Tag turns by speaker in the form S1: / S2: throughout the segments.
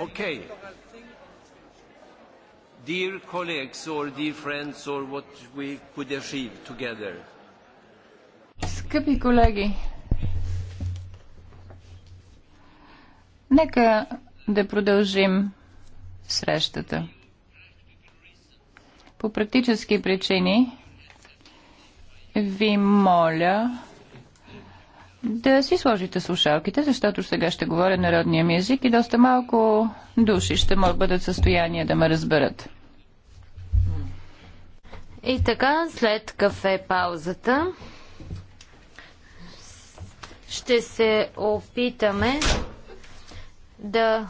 S1: Okay.
S2: Dear colleagues or dear friends or what we could achieve together.
S3: Скъпи колеги, нека да продължим срещата. По практически причини ви моля да си сложите слушалките, защото сега ще говоря народния ми език и доста малко души ще могат бъдат в
S4: състояние да ме разберат. И така, след кафе паузата, ще се опитаме да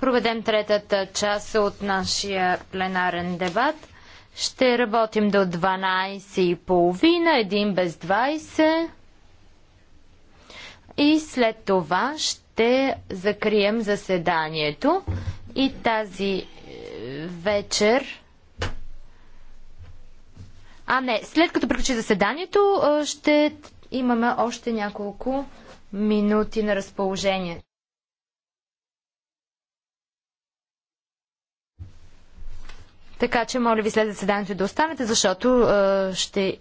S4: проведем третата част от нашия пленарен дебат – ще работим до 12.30, един без 20. И след това ще закрием заседанието. И тази е, вечер. А, не, след като приключи заседанието, е, ще имаме още няколко минути на разположение. Така че, моля ви след заседанието да останете, защото а, е, ще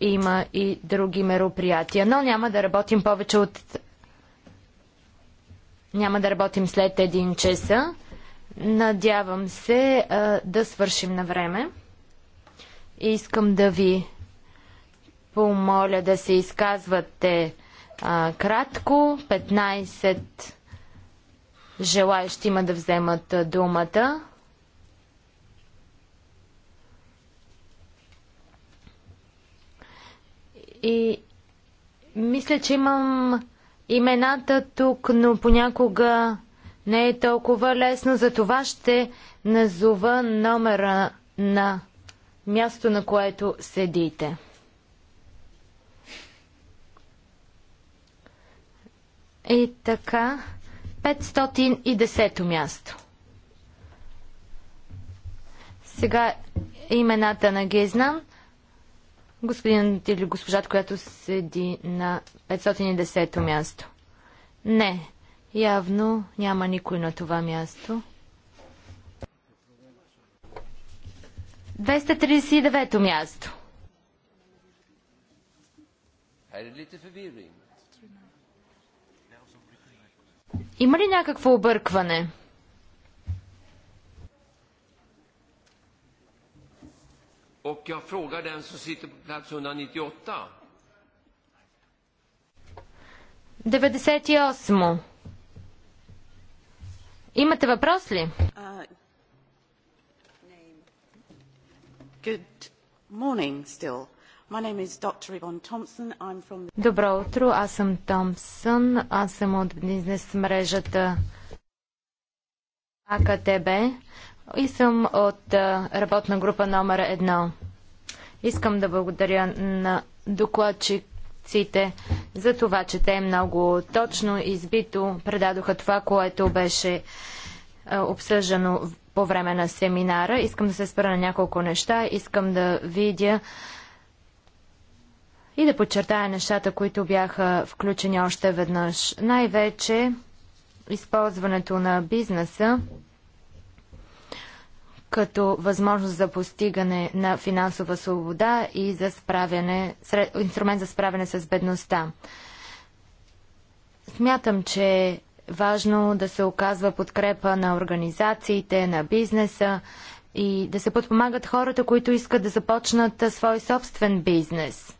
S4: има и други мероприятия. Но няма да работим повече от... Няма да работим след един часа. Надявам се а, е, да свършим на време. Искам да ви помоля да се изказвате а, кратко. 15 желаящи има да вземат думата. И мисля, че имам имената тук, но понякога не е толкова лесно. За това ще назова номера на място, на което седите. И така, 510 място. Сега имената на ги знам господин или госпожата, която седи на 510-то място. Не, явно няма никой на това място. 239-то място. Има ли някакво объркване?
S2: Och jag frågar den som sitter på plats 198.
S4: 98. Имате въпрос ли?
S5: good morning still. My name is Dr. Yvonne Thompson.
S1: I'm from the...
S4: Добро утро, аз съм Томпсън. Аз съм от бизнес мрежата АКТБ и съм от работна група номер едно. Искам да благодаря на докладчиците за това, че те много точно и избито предадоха това, което беше обсъждано по време на семинара. Искам да се спра на няколко неща. Искам да видя и да подчертая нещата, които бяха включени още веднъж. Най-вече използването на бизнеса като възможност за постигане на финансова свобода и за справяне, инструмент за справяне с бедността. Смятам, че е важно да се оказва подкрепа на организациите, на бизнеса и да се подпомагат хората, които искат да започнат свой собствен бизнес.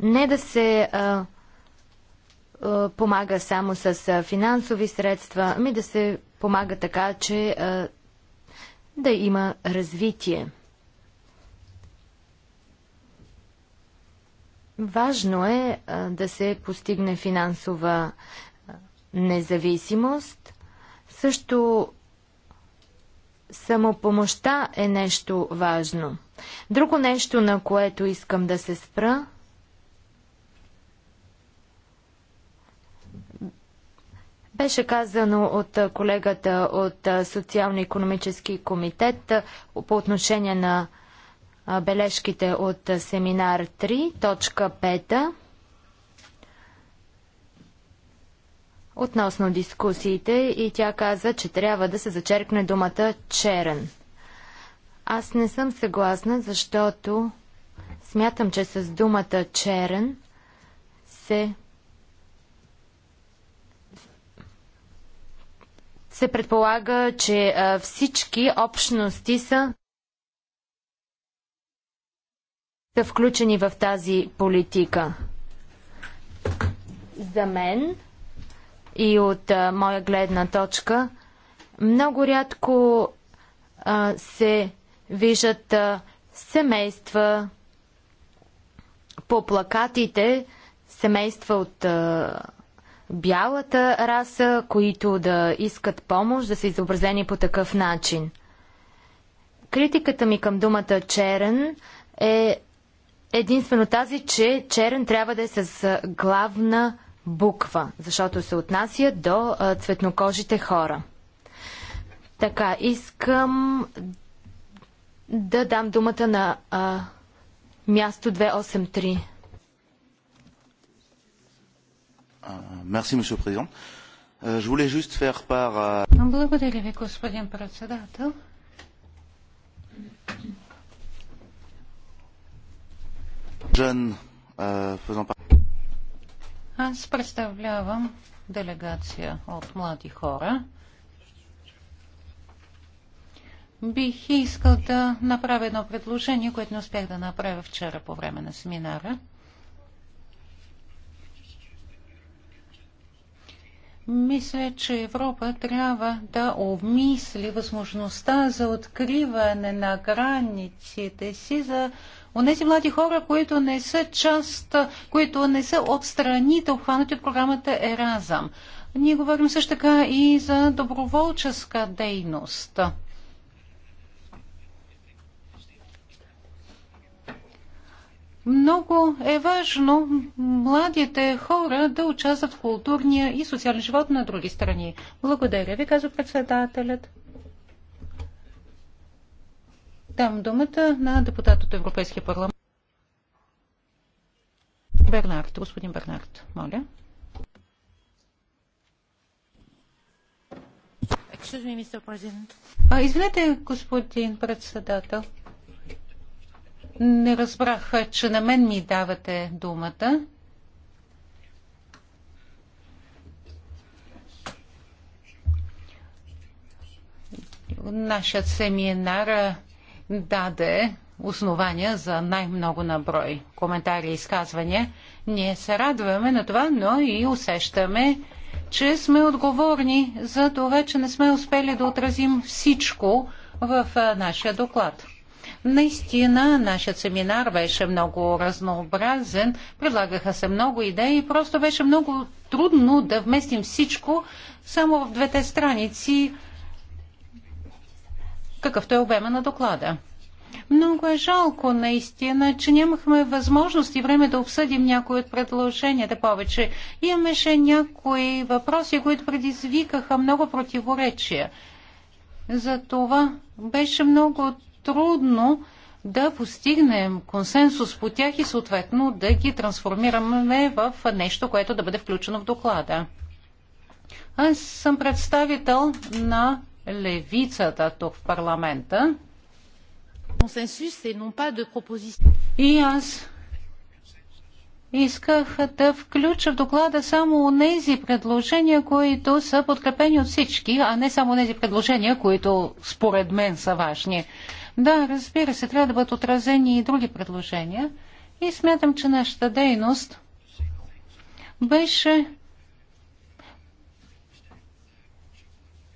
S4: Не да се а, а, помага само с финансови средства, ами да се помага така, че а, да има развитие. Важно е а, да се постигне финансова независимост. Също самопомощта е нещо важно. Друго нещо, на което искам да се спра, Беше казано от колегата от Социално-економически комитет по отношение на бележките от семинар 3, точка 5, относно дискусиите и тя каза, че трябва да се зачеркне думата черен. Аз не съм съгласна, защото смятам, че с думата черен се се предполага, че всички общности са са включени в тази политика. За мен и от а, моя гледна точка, много рядко а, се виждат а, семейства по плакатите, семейства от а, бялата раса, които да искат помощ, да са изобразени по такъв начин. Критиката ми към думата черен е единствено тази, че черен трябва да е с главна буква, защото се отнася до цветнокожите хора. Така, искам да дам думата на а, място 283.
S5: Euh, merci, Monsieur le Président. Euh, je voulais juste faire part. Благодаря ви, господин председател. Жен, euh, faisant Аз представлявам делегация от млади хора. Бих искал да направя едно предложение, което не успях да направя вчера по време на семинара. Мисля, че Европа трябва да обмисли възможността за откриване на границите си за онези млади хора, които не са част, които не са от страните, обхванати от програмата Еразъм. Ние говорим също така и за доброволческа дейност. Много е важно младите хора да участват в културния и социален живот на други страни. Благодаря ви, казва председателят. Дам думата на депутат от Европейския парламент. Бернард, господин Бернард, моля. Извинете, господин председател. Не разбрах, че на мен ми давате думата. Нашият семинар даде основания за най-много наброй коментари и изказвания. Ние се радваме на това, но и усещаме, че сме отговорни за това, че не сме успели да отразим всичко в нашия доклад. Наистина, нашият семинар беше много разнообразен, предлагаха се много идеи, просто беше много трудно да вместим всичко само в двете страници, какъвто е обема на доклада. Много е жалко, наистина, че нямахме възможност и време да обсъдим някои от предложенията повече. Имаше някои въпроси, които предизвикаха много противоречия. За това беше много трудно да постигнем консенсус по тях и съответно да ги трансформираме в нещо, което да бъде включено в доклада. Аз съм представител на левицата тук в парламента. Е, и аз исках да включа в доклада само тези предложения, които са подкрепени от всички, а не само тези предложения, които според мен са важни. Да, разбира се, трябва да бъдат отразени и други предложения. И смятам, че нашата дейност беше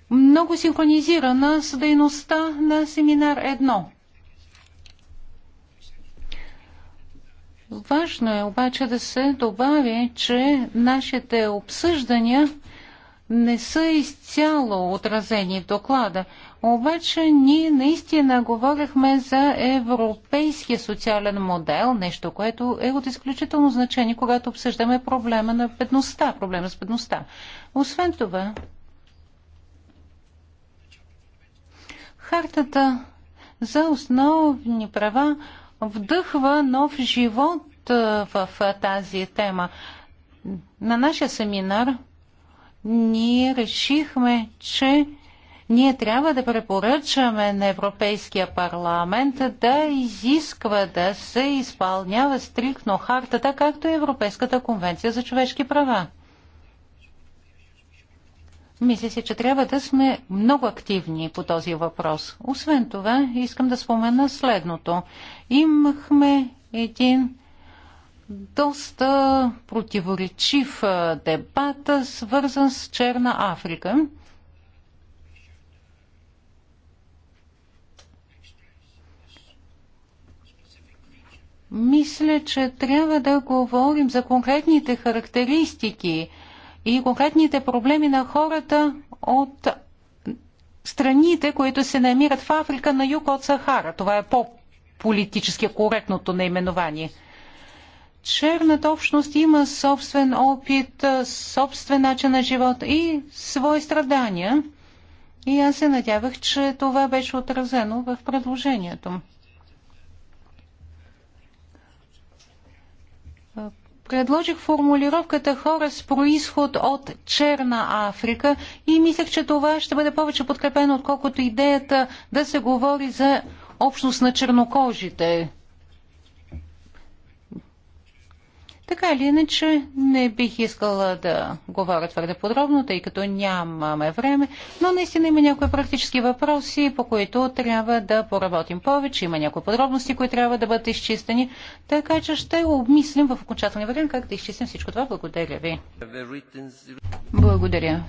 S5: много синхронизирана с дейността на семинар 1. Важно е обаче да се добави, че нашите обсъждания не са изцяло отразени в доклада. Обаче ние наистина говорихме за европейския социален модел, нещо, което е от изключително значение, когато обсъждаме проблема на бедността, проблема с бедността. Освен това, хартата за основни права вдъхва нов живот в тази тема. На нашия семинар ние решихме, че ние трябва да препоръчаме на Европейския парламент да изисква да се изпълнява стрикно хартата, както и Европейската конвенция за човешки права. Мисля си, че трябва да сме много активни по този въпрос. Освен това, искам да спомена следното. Имахме един доста противоречив дебат, свързан с Черна Африка. Мисля, че трябва да говорим за конкретните характеристики – и конкретните проблеми на хората от страните, които се намират в Африка на юг от Сахара. Това е по-политически коректното наименование. Черната общност има собствен опит, собствен начин на живот и свои страдания. И аз се надявах, че това беше отразено в предложението. предложих формулировката хора с происход от Черна Африка и мислех, че това ще бъде повече подкрепено, отколкото идеята да се говори за общност на чернокожите. Така или иначе, не бих искала да говоря твърде подробно, тъй като нямаме време, но наистина има някои практически въпроси, по които трябва да поработим повече. Има някои подробности, които трябва да бъдат изчистени, така че ще обмислим в окончателния вариант как да изчистим всичко това. Благодаря ви. Благодаря.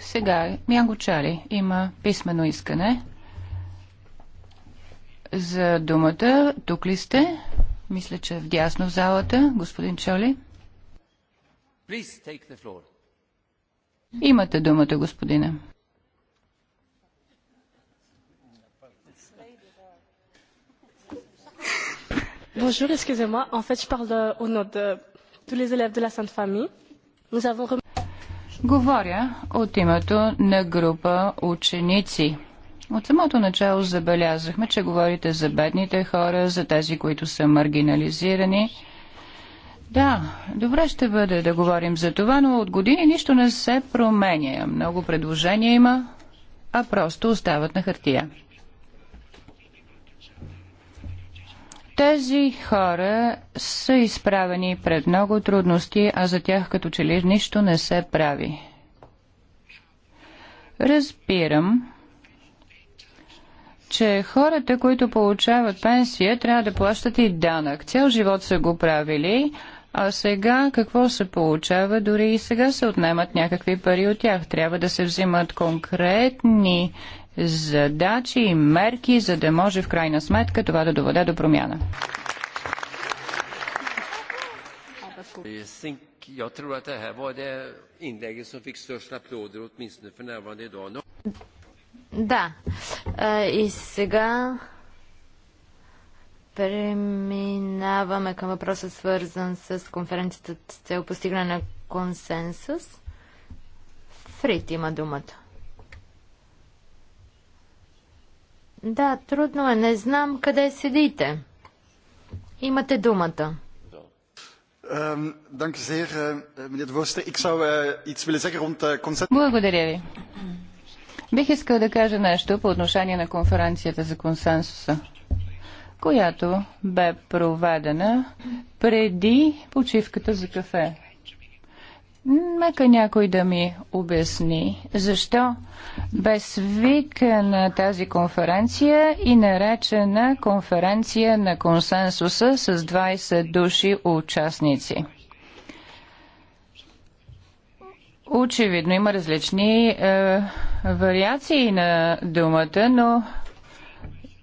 S3: Сега, Мянго Чали има писмено искане за думата. Тук ли сте? Мисля, че е дясно в залата. Господин Чоли. Имате думата, господине. Bonjour, excusez-moi. En fait, je parle au nom de tous les élèves de la Sainte Famille. Nous avons Говоря от името на група ученици от самото начало забелязахме, че говорите за бедните хора, за тези, които са маргинализирани. Да, добре ще бъде да говорим за това, но от години нищо не се променя. Много предложения има, а просто остават на хартия. Тези хора са изправени пред много трудности, а за тях като че ли нищо не се прави. Разбирам, че хората, които получават пенсия, трябва да плащат и данък. Цял живот са го правили, а сега какво се получава? Дори и сега се отнемат някакви пари от тях. Трябва да се взимат конкретни задачи и мерки, за да може в крайна сметка това да доведе до промяна.
S2: Jag tror att det här var det inlägget som fick störst applåder, åtminstone för närvarande idag.
S4: Да. И сега преминаваме към въпроса, свързан с конференцията с цел постигане на консенсус. Фрит има думата. Да, трудно е. Не знам къде седите. Имате думата.
S5: Е, е, е,
S4: Благодаря
S3: ви. Бих искал да кажа нещо по отношение на конференцията за консенсуса, която бе проведена преди почивката за кафе. Нека някой да ми обясни защо бе свикана тази конференция и наречена конференция на консенсуса с 20 души участници. Очевидно има различни е, вариации на думата, но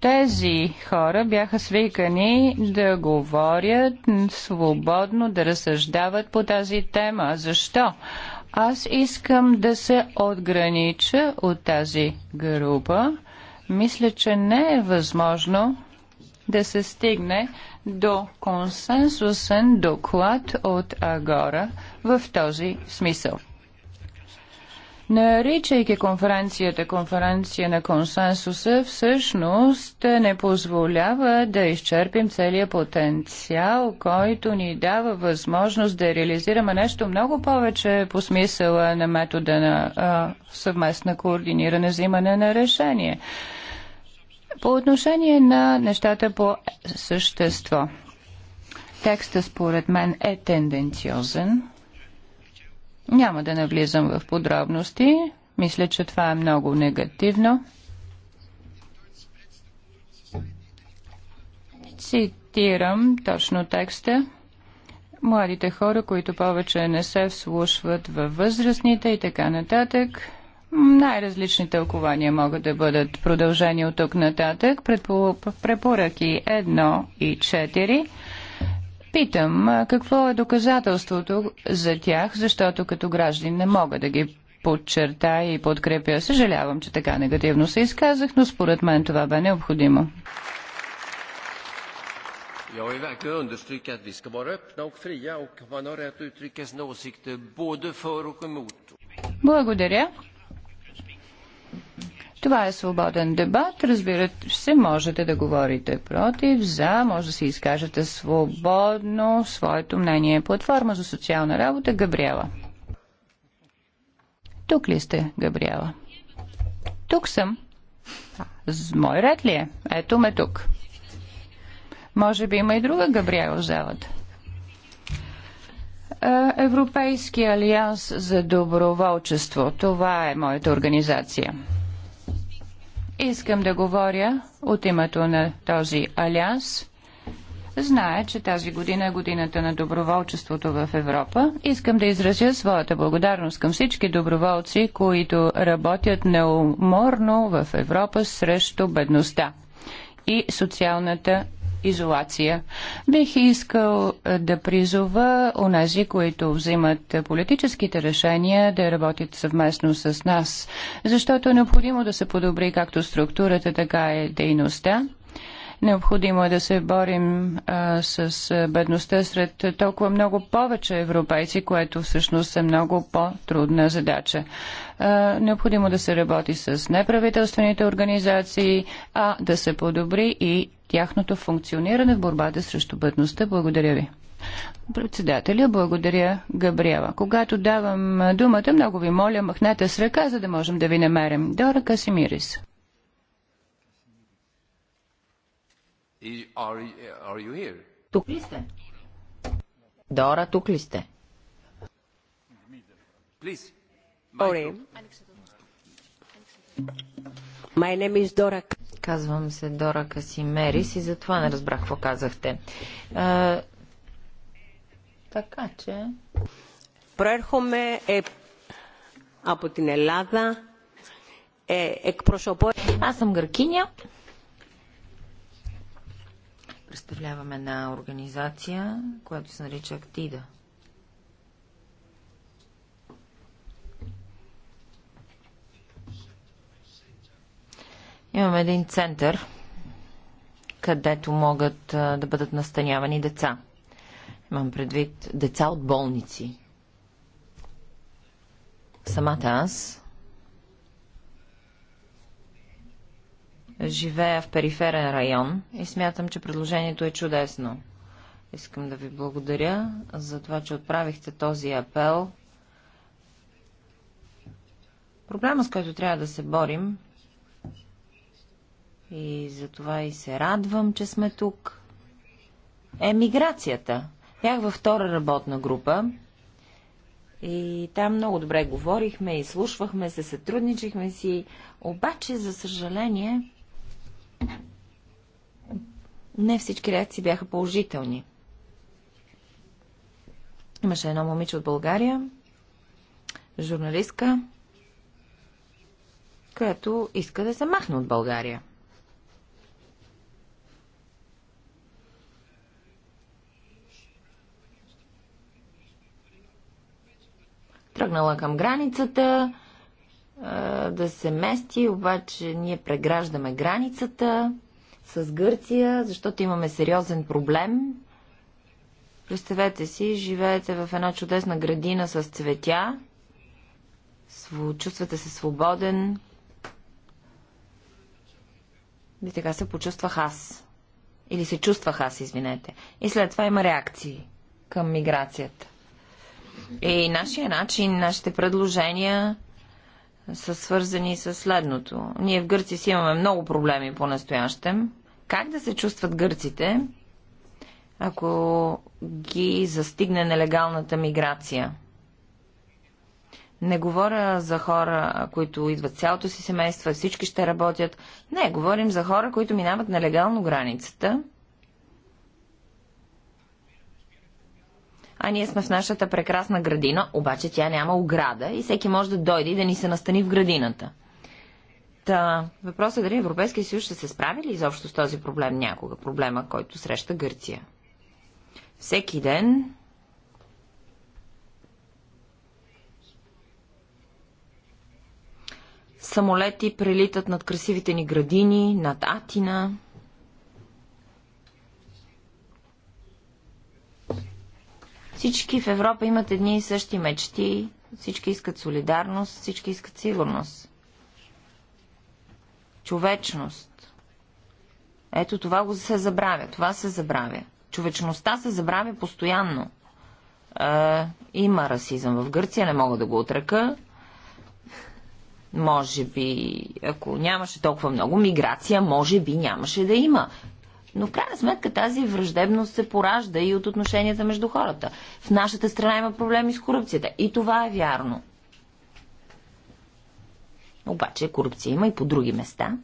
S3: тези хора бяха свикани да говорят свободно, да разсъждават по тази тема. Защо? Аз искам да се отгранича от тази група. Мисля, че не е възможно да се стигне до консенсусен доклад от Агора в този смисъл наричайки конференцията конференция на консенсуса, всъщност не позволява да изчерпим целият потенциал, който ни дава възможност да реализираме нещо много повече по смисъла на метода на а, съвместна координиране, взимане на решение. По отношение на нещата по същество. Текстът според мен е тенденциозен. Няма да навлизам в подробности. Мисля, че това е много негативно. Цитирам точно текста. Младите хора, които повече не се вслушват във възрастните и така нататък. Най-различни тълкования могат да бъдат продължени от тук нататък. Препоръки 1 и 4 Питам, какво е доказателството за тях, защото като граждан не мога да ги подчерта и подкрепя. Съжалявам, че така негативно се изказах, но според мен това бе необходимо.
S2: Jag vill verkligen understryka att vi ska vara öppna och fria och man har rätt att uttrycka sina åsikter både för och emot.
S3: Благодаря. Това е свободен дебат. Разбирате се, можете да говорите против, за, може да се изкажете свободно своето мнение. Платформа за социална работа Габриела. Тук ли сте, Габриела? Тук съм. С мой ред ли е? Ето ме тук. Може би има и друга Габриела в залата. Е, Европейски алианс за доброволчество. Това е моята организация. Искам да говоря от името на този алианс. Знае, че тази година е годината на доброволчеството в Европа. Искам да изразя своята благодарност към всички доброволци, които работят неуморно в Европа срещу бедността и социалната изолация. Бих искал е, да призова онези, които взимат политическите решения, да работят съвместно с нас, защото е необходимо да се подобри както структурата, така и дейността. Необходимо е да се борим а, с бедността сред толкова много повече европейци, което всъщност е много по-трудна задача. А, необходимо да се работи с неправителствените организации, а да се подобри и тяхното функциониране в борбата срещу бъдността. Благодаря ви. Председателя, благодаря Габриела. Когато давам думата, много ви моля, махнете с ръка, за да можем да ви намерим. Дора Касимирис. тук ли сте? Дора,
S6: тук ли сте? Please. My name is Dora. Казвам се Дора Касимерис и затова не разбрах какво казахте. А, така че... Проерхоме е, από την Ελλάδα, е, εκπροσωπώ... Аз съм гъркиня. Представляваме една организация, която се нарича Актида. Имаме един център, където могат да бъдат настанявани деца. Имам предвид деца от болници. Самата аз живея в периферен район и смятам, че предложението е чудесно. Искам да ви благодаря за това, че отправихте този апел. Проблема, с който трябва да се борим, и затова и се радвам, че сме тук. Емиграцията. Бях във втора работна група и там много добре говорихме, изслушвахме се, сътрудничихме си, обаче, за съжаление, не всички реакции бяха положителни. Имаше едно момиче от България, журналистка, която иска да се махне от България. тръгнала към границата да се мести, обаче ние преграждаме границата с Гърция, защото имаме сериозен проблем. Представете си, живеете в една чудесна градина с цветя, чувствате се свободен. И така се почувствах аз. Или се чувствах аз, извинете. И след това има реакции към миграцията. Е, и нашия начин, нашите предложения са свързани с следното. Ние в Гърци си имаме много проблеми по-настоящем. Как да се чувстват гърците, ако ги застигне нелегалната миграция? Не говоря за хора, които идват цялото си семейство, всички ще работят. Не, говорим за хора, които минават нелегално границата – а ние сме в нашата прекрасна градина, обаче тя няма ограда и всеки може да дойде и да ни се настани в градината. Та, въпросът е дали Европейския съюз ще се справи ли изобщо с този проблем някога, проблема, който среща Гърция. Всеки ден самолети прелитат над красивите ни градини, над Атина – Всички в Европа имат едни и същи мечти, всички искат солидарност, всички искат сигурност. Човечност. Ето това го се забравя, това се забравя. Човечността се забравя постоянно. Е, има расизъм в Гърция, не мога да го отрека. Може би, ако нямаше толкова много миграция, може би нямаше да има. Но в крайна сметка тази враждебност се поражда и от отношенията между хората. В нашата страна има проблеми с корупцията. И това е вярно. Обаче корупция има и по други места.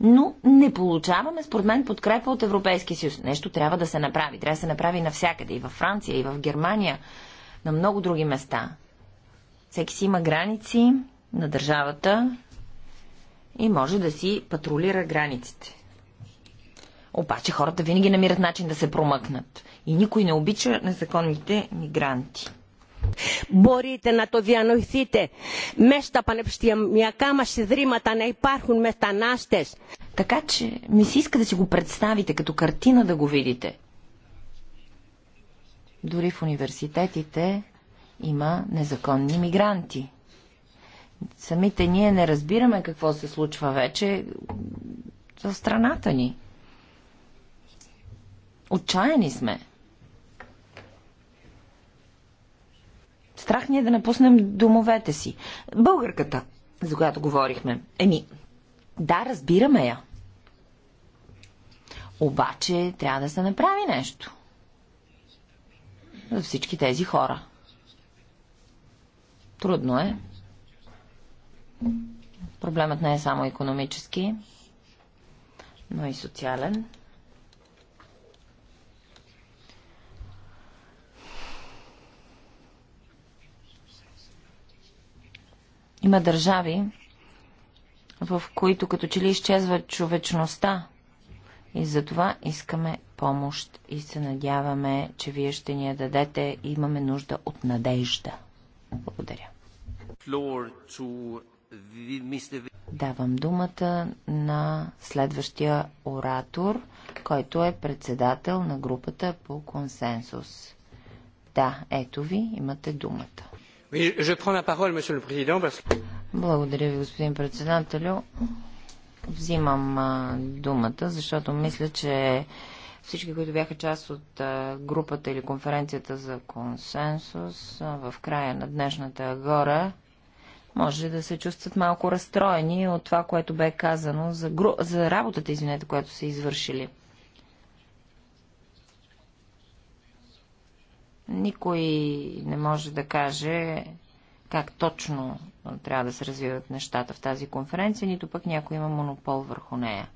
S6: но не получаваме, според мен, подкрепа от Европейския съюз. Нещо трябва да се направи. Трябва да се направи навсякъде. И във Франция, и в Германия, на много други места. Всеки си има граници на държавата и може да си патрулира границите. Обаче хората винаги намират начин да се промъкнат. И никой не обича незаконните мигранти. Μπορείτε να το διανοηθείτε. Μέσα στα πανεπιστημιακά μας ιδρύματα пархун υπάρχουν μετανάστες. Така че ми се иска да си го представите, като картина да го видите. Дори в университетите има незаконни мигранти – Самите ние не разбираме какво се случва вече в страната ни. Отчаяни сме. Страх ни е да напуснем домовете си. Българката, за която говорихме. Еми, да, разбираме я. Обаче трябва да се направи нещо. За всички тези хора. Трудно е. Проблемът не е само економически, но и социален. Има държави, в които като че ли изчезва човечността. И за това искаме помощ и се надяваме, че вие ще ни я дадете. Имаме нужда от надежда. Благодаря. Давам думата на следващия оратор, който е председател на групата по консенсус. Да, ето ви, имате думата. Благодаря ви, господин председателю. Взимам а, думата, защото мисля, че всички, които бяха част от а, групата или конференцията за консенсус а, в края на днешната гора, може да се чувстват малко разстроени от това, което бе казано за, гру... за работата, извинете, която са извършили. Никой не може да каже как точно трябва да се развиват нещата в тази конференция, нито пък някой има монопол върху нея.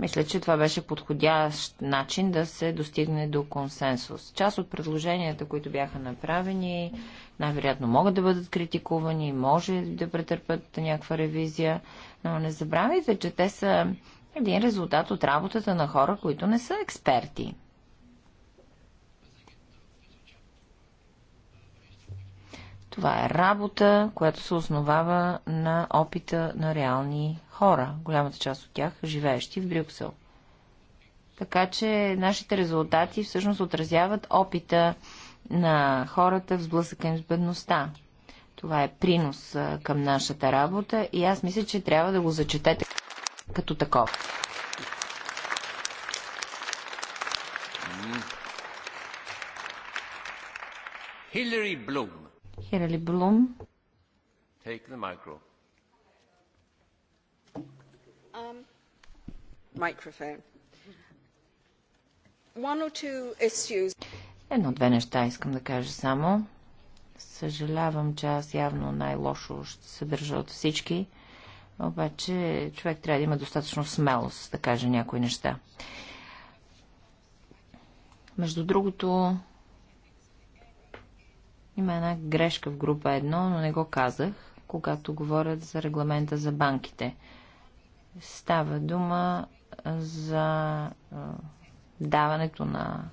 S6: Мисля, че това беше подходящ начин да се достигне до консенсус. Част от предложенията, които бяха направени, най-вероятно могат да бъдат критикувани, може да претърпят някаква ревизия, но не забравяйте, че те са един резултат от работата на хора, които не са експерти. Това е работа, която се основава на опита на реални хора, голямата част от тях живеещи в Брюксел. Така че нашите резултати всъщност отразяват опита на хората в сблъсъка им с бедността. Това е принос към нашата работа и аз мисля, че трябва да го зачетете като таков.
S2: Хилари Блум
S6: Хирали Блум.
S2: Take the micro. Um, microphone.
S1: One or two issues.
S6: Едно-две неща искам да кажа само. Съжалявам, че аз явно най-лошо ще се държа от всички, обаче човек трябва да има достатъчно смелост да каже някои неща. Между другото, има една грешка в група 1, но не го казах, когато говорят за регламента за банките. Става дума за даването на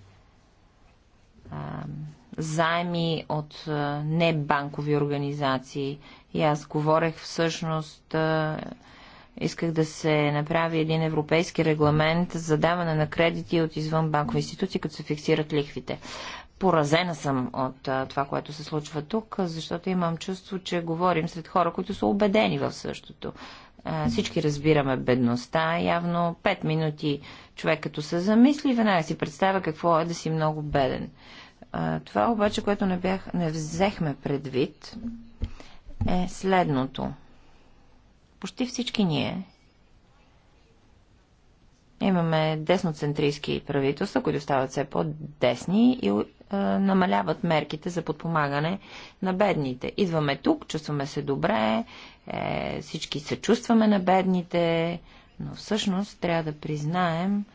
S6: заеми от небанкови организации. И аз говорех всъщност, исках да се направи един европейски регламент за даване на кредити от извън банкови институции, като се фиксират лихвите. Поразена съм от а, това, което се случва тук, защото имам чувство, че говорим сред хора, които са убедени в същото. А, всички разбираме бедността. Явно 5 минути човек като се замисли, веднага си представя какво е да си много беден. А, това обаче, което не, бях, не взехме предвид, е следното. Почти всички ние имаме десноцентрийски правителства, които стават все по-десни и е, намаляват мерките за подпомагане на бедните. Идваме тук, чувстваме се добре, е, всички се чувстваме на бедните, но всъщност трябва да признаем,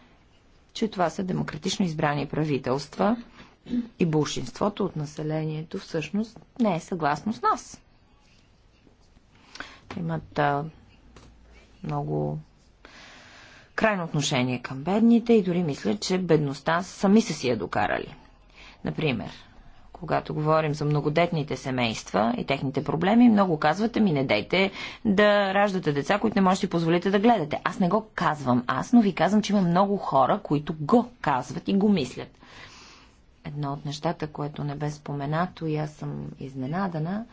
S6: че това са демократично избрани правителства и бълшинството от населението всъщност не е съгласно с нас. Имат а, много крайно отношение към бедните и дори мисля, че бедността сами са си я докарали. Например, когато говорим за многодетните семейства и техните проблеми, много казвате ми, не дайте да раждате деца, които не можете да позволите да гледате. Аз не го казвам аз, но ви казвам, че има много хора, които го казват и го мислят. Едно от нещата, което не бе споменато и аз съм изненадана,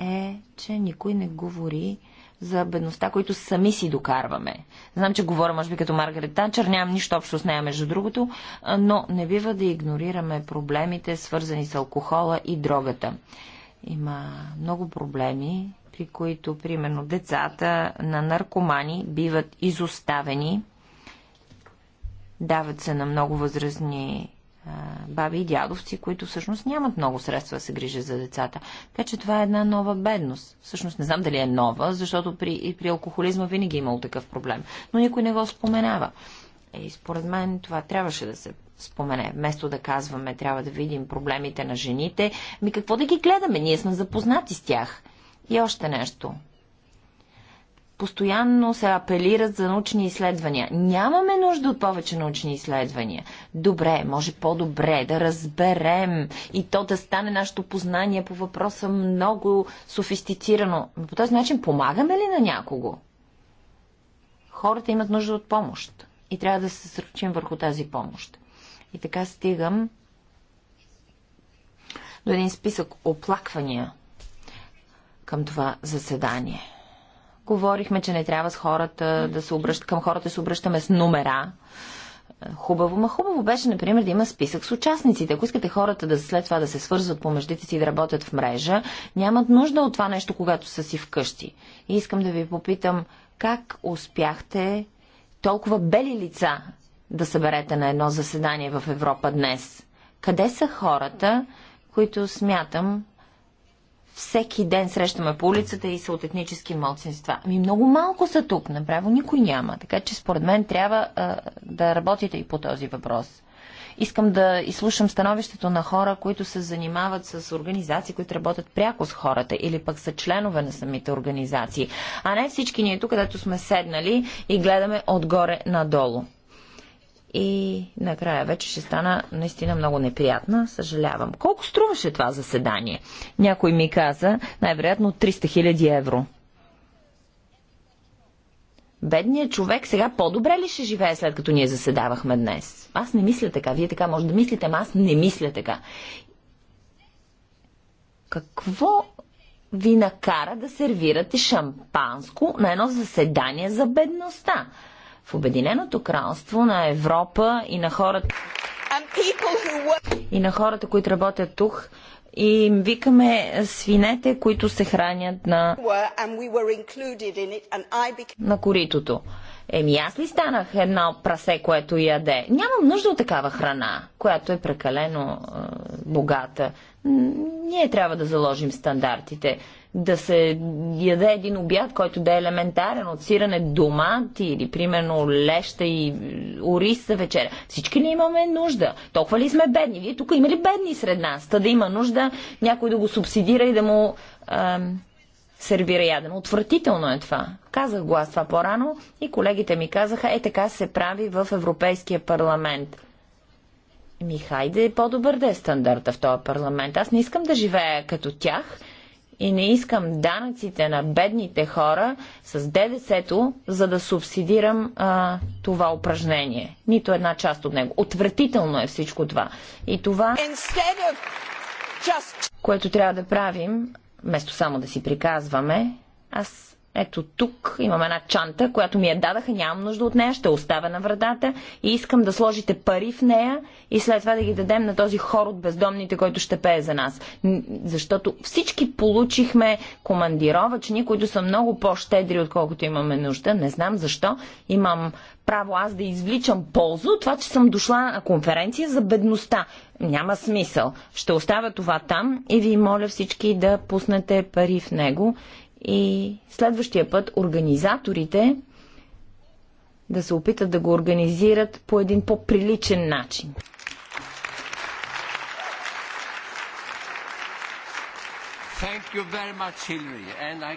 S6: е, че никой не говори за бедността, които сами си докарваме. Знам, че говоря, може би, като Маргарет Танчер, нямам нищо общо с нея, между другото, но не бива да игнорираме проблемите, свързани с алкохола и дрогата. Има много проблеми, при които, примерно, децата на наркомани биват изоставени, дават се на много възрастни баби и дядовци, които всъщност нямат много средства да се грижат за децата. Така че това е една нова бедност. Всъщност не знам дали е нова, защото при, при алкохолизма винаги е имало такъв проблем. Но никой не го споменава. И според мен това трябваше да се спомене. Вместо да казваме, трябва да видим проблемите на жените, ми какво да ги гледаме? Ние сме запознати с тях. И още нещо постоянно се апелират за научни изследвания. Нямаме нужда от повече научни изследвания. Добре, може по-добре да разберем и то да стане нашето познание по въпроса много софистицирано. Но по този начин помагаме ли на някого? Хората имат нужда от помощ и трябва да се съсредоточим върху тази помощ. И така стигам до един списък оплаквания към това заседание – Говорихме, че не трябва с хората да се обръщ... към хората се обръщаме с номера. Хубаво, ма хубаво беше, например, да има списък с участниците. Ако искате хората да след това да се свързват помеждите си и да работят в мрежа, нямат нужда от това нещо, когато са си вкъщи. И искам да ви попитам, как успяхте толкова бели лица да съберете на едно заседание в Европа днес? Къде са хората, които смятам, всеки ден срещаме по улицата и са от етнически младсинства. Ами много малко са тук, направо никой няма. Така че според мен трябва а, да работите и по този въпрос. Искам да изслушам становището на хора, които се занимават с организации, които работят пряко с хората или пък са членове на самите организации. А не всички ние тук, където сме седнали и гледаме отгоре надолу и накрая вече ще стана наистина много неприятна. Съжалявам. Колко струваше това заседание? Някой ми каза, най-вероятно 300 000 евро. Бедният човек сега по-добре ли ще живее след като ние заседавахме днес? Аз не мисля така. Вие така може да мислите, но аз не мисля така. Какво ви накара да сервирате шампанско на едно заседание за бедността? в Обединеното кралство на Европа и на хората и на хората, които работят тук, и им викаме свинете, които се хранят на, на коритото. Еми аз ли станах едно прасе, което яде? Нямам нужда от такава храна, която е прекалено е, богата ние трябва да заложим стандартите. Да се яде един обяд, който да е елементарен, от сирене домати или примерно леща и ориз за вечеря. Всички ли имаме нужда? Толкова ли сме бедни? Вие тук има ли бедни сред нас? Та да има нужда някой да го субсидира и да му ам, сервира ядено. Отвратително е това. Казах го аз това по-рано и колегите ми казаха, е така се прави в Европейския парламент – ми хайде, е по-добър да е стандарта в този парламент. Аз не искам да живея като тях и не искам данъците на бедните хора с ДДС-то, за да субсидирам а, това упражнение. Нито една част от него. Отвратително е всичко това. И това, just... което трябва да правим, вместо само да си приказваме, аз ето тук имам една чанта, която ми я дадаха, нямам нужда от нея, ще оставя на вратата и искам да сложите пари в нея и след това да ги дадем на този хор от бездомните, който ще пее за нас. Защото всички получихме командировачни, които са много по-щедри, отколкото имаме нужда. Не знам защо. Имам право аз да извличам полза от това, че съм дошла на конференция за бедността. Няма смисъл. Ще оставя това там и ви моля всички да пуснете пари в него и следващия път организаторите да се опитат да го организират по един по-приличен начин.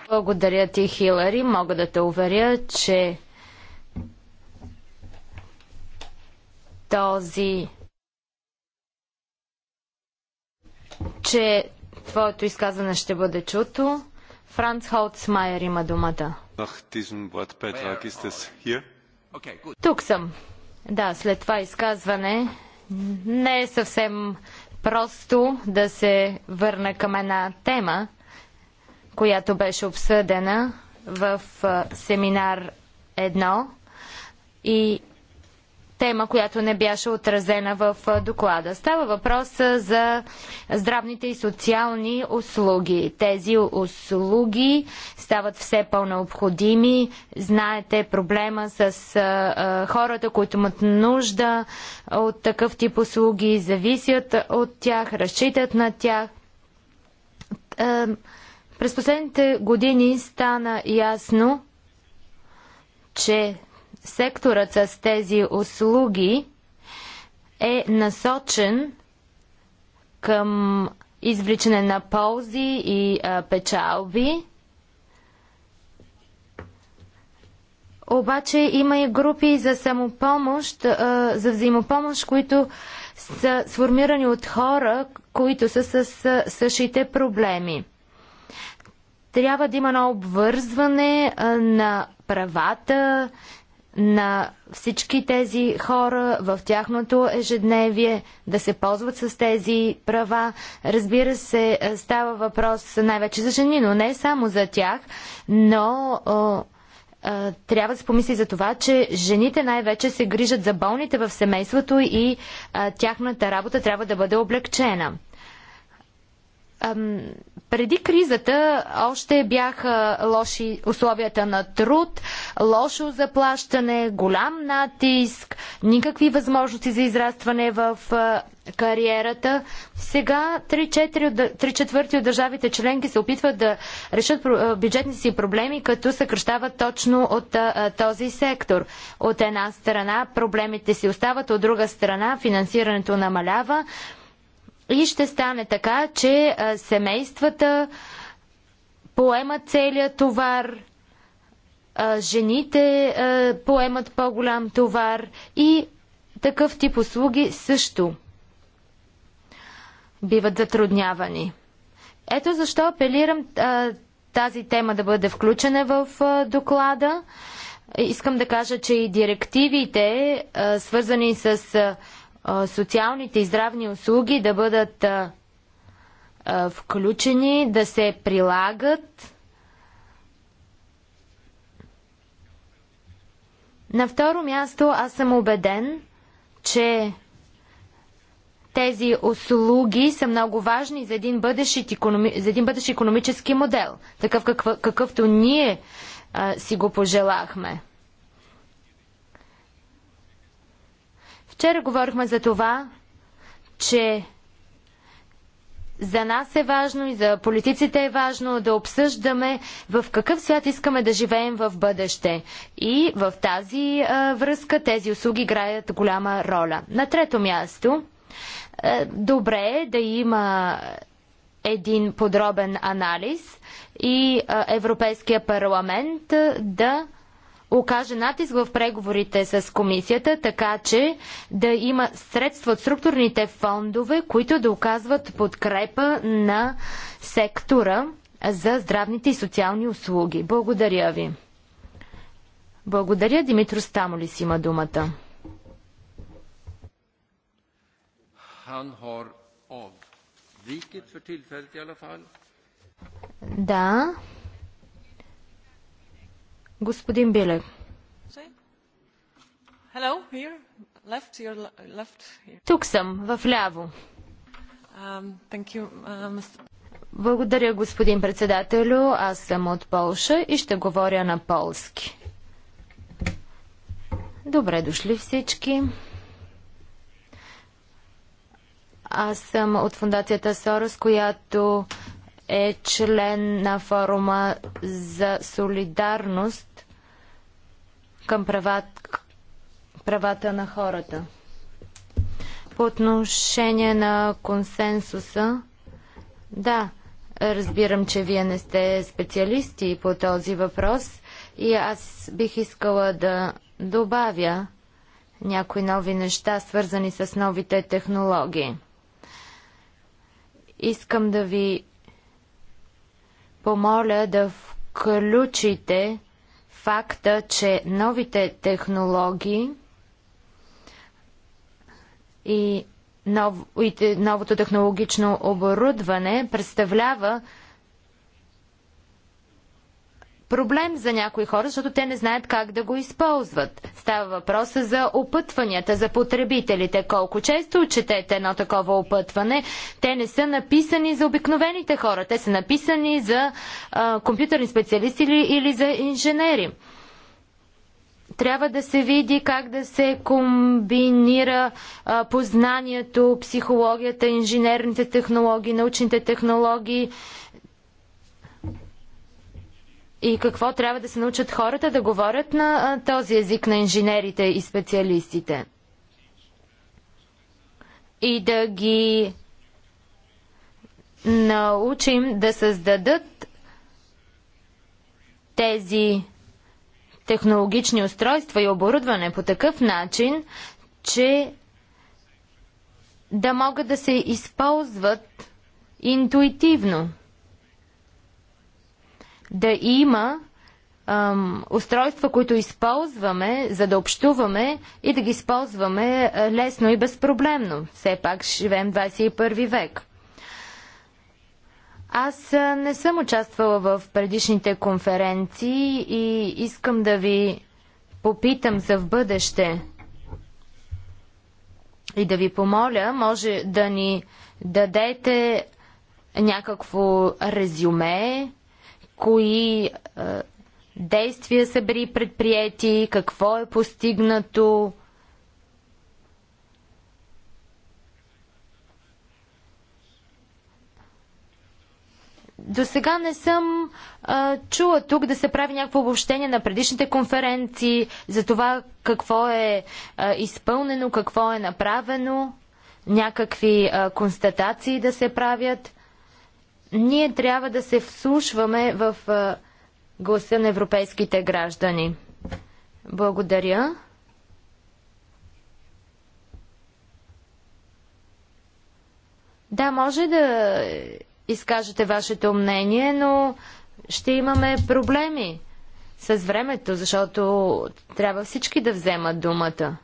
S4: Благодаря ти, Хилари. Мога да те уверя, че този че твоето изказване ще бъде чуто. Франц Холцмайер има думата. Тук съм. Да, след това изказване не е съвсем просто да се върна към една тема, която беше обсъдена в семинар 1 и тема, която не беше отразена в доклада. Става въпрос за здравните и социални услуги. Тези услуги стават все по-необходими. Знаете проблема с хората, които имат нужда от такъв тип услуги, зависят от тях, разчитат на тях. През последните години стана ясно, че секторът с тези услуги е насочен към извличане на ползи и печалби. Обаче има и групи за самопомощ, за взаимопомощ, които са сформирани от хора, които са с, същите проблеми. Трябва да има на обвързване на правата, на всички тези хора в тяхното ежедневие, да се ползват с тези права. Разбира се, става въпрос най-вече за жени, но не само за тях, но о, о, трябва да се помисли за това, че жените най-вече се грижат за болните в семейството и о, тяхната работа трябва да бъде облегчена преди кризата още бяха лоши условията на труд, лошо заплащане, голям натиск, никакви възможности за израстване в кариерата. Сега 3 четвърти от държавите членки се опитват да решат бюджетни си проблеми, като съкръщават точно от този сектор. От една страна проблемите си остават, от друга страна финансирането намалява. И ще стане така, че семействата поемат целият товар, жените поемат по-голям товар и такъв тип услуги също биват затруднявани. Ето защо апелирам тази тема да бъде включена в доклада. Искам да кажа, че и директивите, свързани с социалните и здравни услуги да бъдат включени, да се прилагат. На второ място аз съм убеден, че тези услуги са много важни за един бъдещ, економи... за един бъдещ економически модел, такъв какъв... какъвто ние а, си го пожелахме. Вчера говорихме за това, че за нас е важно и за политиците е важно да обсъждаме в какъв свят искаме да живеем в бъдеще. И в тази а, връзка тези услуги играят голяма роля. На трето място, а, добре е да има един подробен анализ и а, Европейския парламент да а, окаже натиск в преговорите с комисията, така че да има средства от структурните фондове, които да оказват подкрепа на сектора за здравните и социални услуги. Благодаря ви. Благодаря. Димитро Стамолис има думата. Да. Господин Биле.
S2: Hello, here,
S3: left, your left, here.
S4: Тук съм, в ляво.
S3: Um, thank you,
S4: uh, Благодаря, господин председателю. Аз съм от Полша и ще говоря на полски. Добре дошли всички. Аз съм от фундацията Сорос, която е член на форума за солидарност към правата, правата на хората. По отношение на консенсуса, да, разбирам, че вие не сте специалисти по този въпрос и аз бих искала да добавя някои нови неща, свързани с новите технологии. Искам да ви помоля да включите факта, че новите технологии и, новото технологично оборудване представлява проблем за някои хора, защото те не знаят как да го използват. Става въпроса за опътванията за потребителите. Колко често четете едно такова опътване, те не са написани за обикновените хора. Те са написани за а, компютърни специалисти или, или за инженери. Трябва да се види как да се комбинира а, познанието, психологията, инженерните технологии, научните технологии и какво трябва да се научат хората да говорят на този език на инженерите и специалистите. И да ги научим да създадат тези технологични устройства и оборудване по такъв начин, че да могат да се използват интуитивно да има ам, устройства, които използваме, за да общуваме и да ги използваме лесно и безпроблемно. Все пак живеем 21 век. Аз не съм участвала в предишните конференции и искам да ви попитам за в бъдеще и да ви помоля, може да ни дадете някакво резюме, кои е, действия са били предприяти, какво е постигнато. До сега не съм а, е, чула тук да се прави някакво обобщение на предишните конференции за това какво е а, е, изпълнено, какво е направено, някакви а, е, констатации да се правят. Ние трябва да се вслушваме в гласа на европейските граждани. Благодаря. Да, може да изкажете вашето мнение, но ще имаме проблеми с времето, защото трябва всички да вземат думата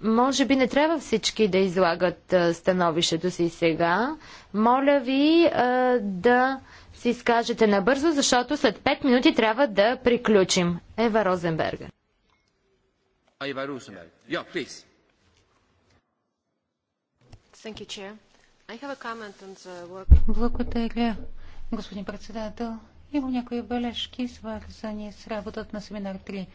S4: може би не трябва всички да излагат становището си сега. Моля ви да си изкажете набързо, защото след 5 минути трябва да приключим. Ева Розенберга.
S2: Ева Розенберг. Да, please.
S5: Thank you, Chair. I have a comment on the work... Благодаря, господин председател. Има някои бележки, свързани с работата на семинар 3.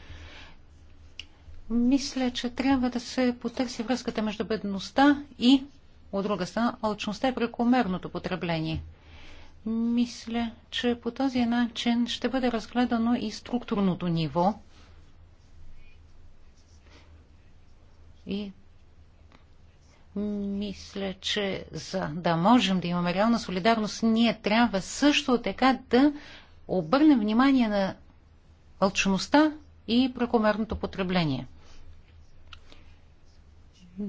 S5: Мисля, че трябва да се потърси връзката между бедността и, от друга страна, алчността и прекомерното потребление. Мисля, че по този начин ще бъде разгледано и структурното ниво и мисля, че за да можем да имаме реална солидарност, ние трябва също така да обърнем внимание на алчността и прекомерното потребление.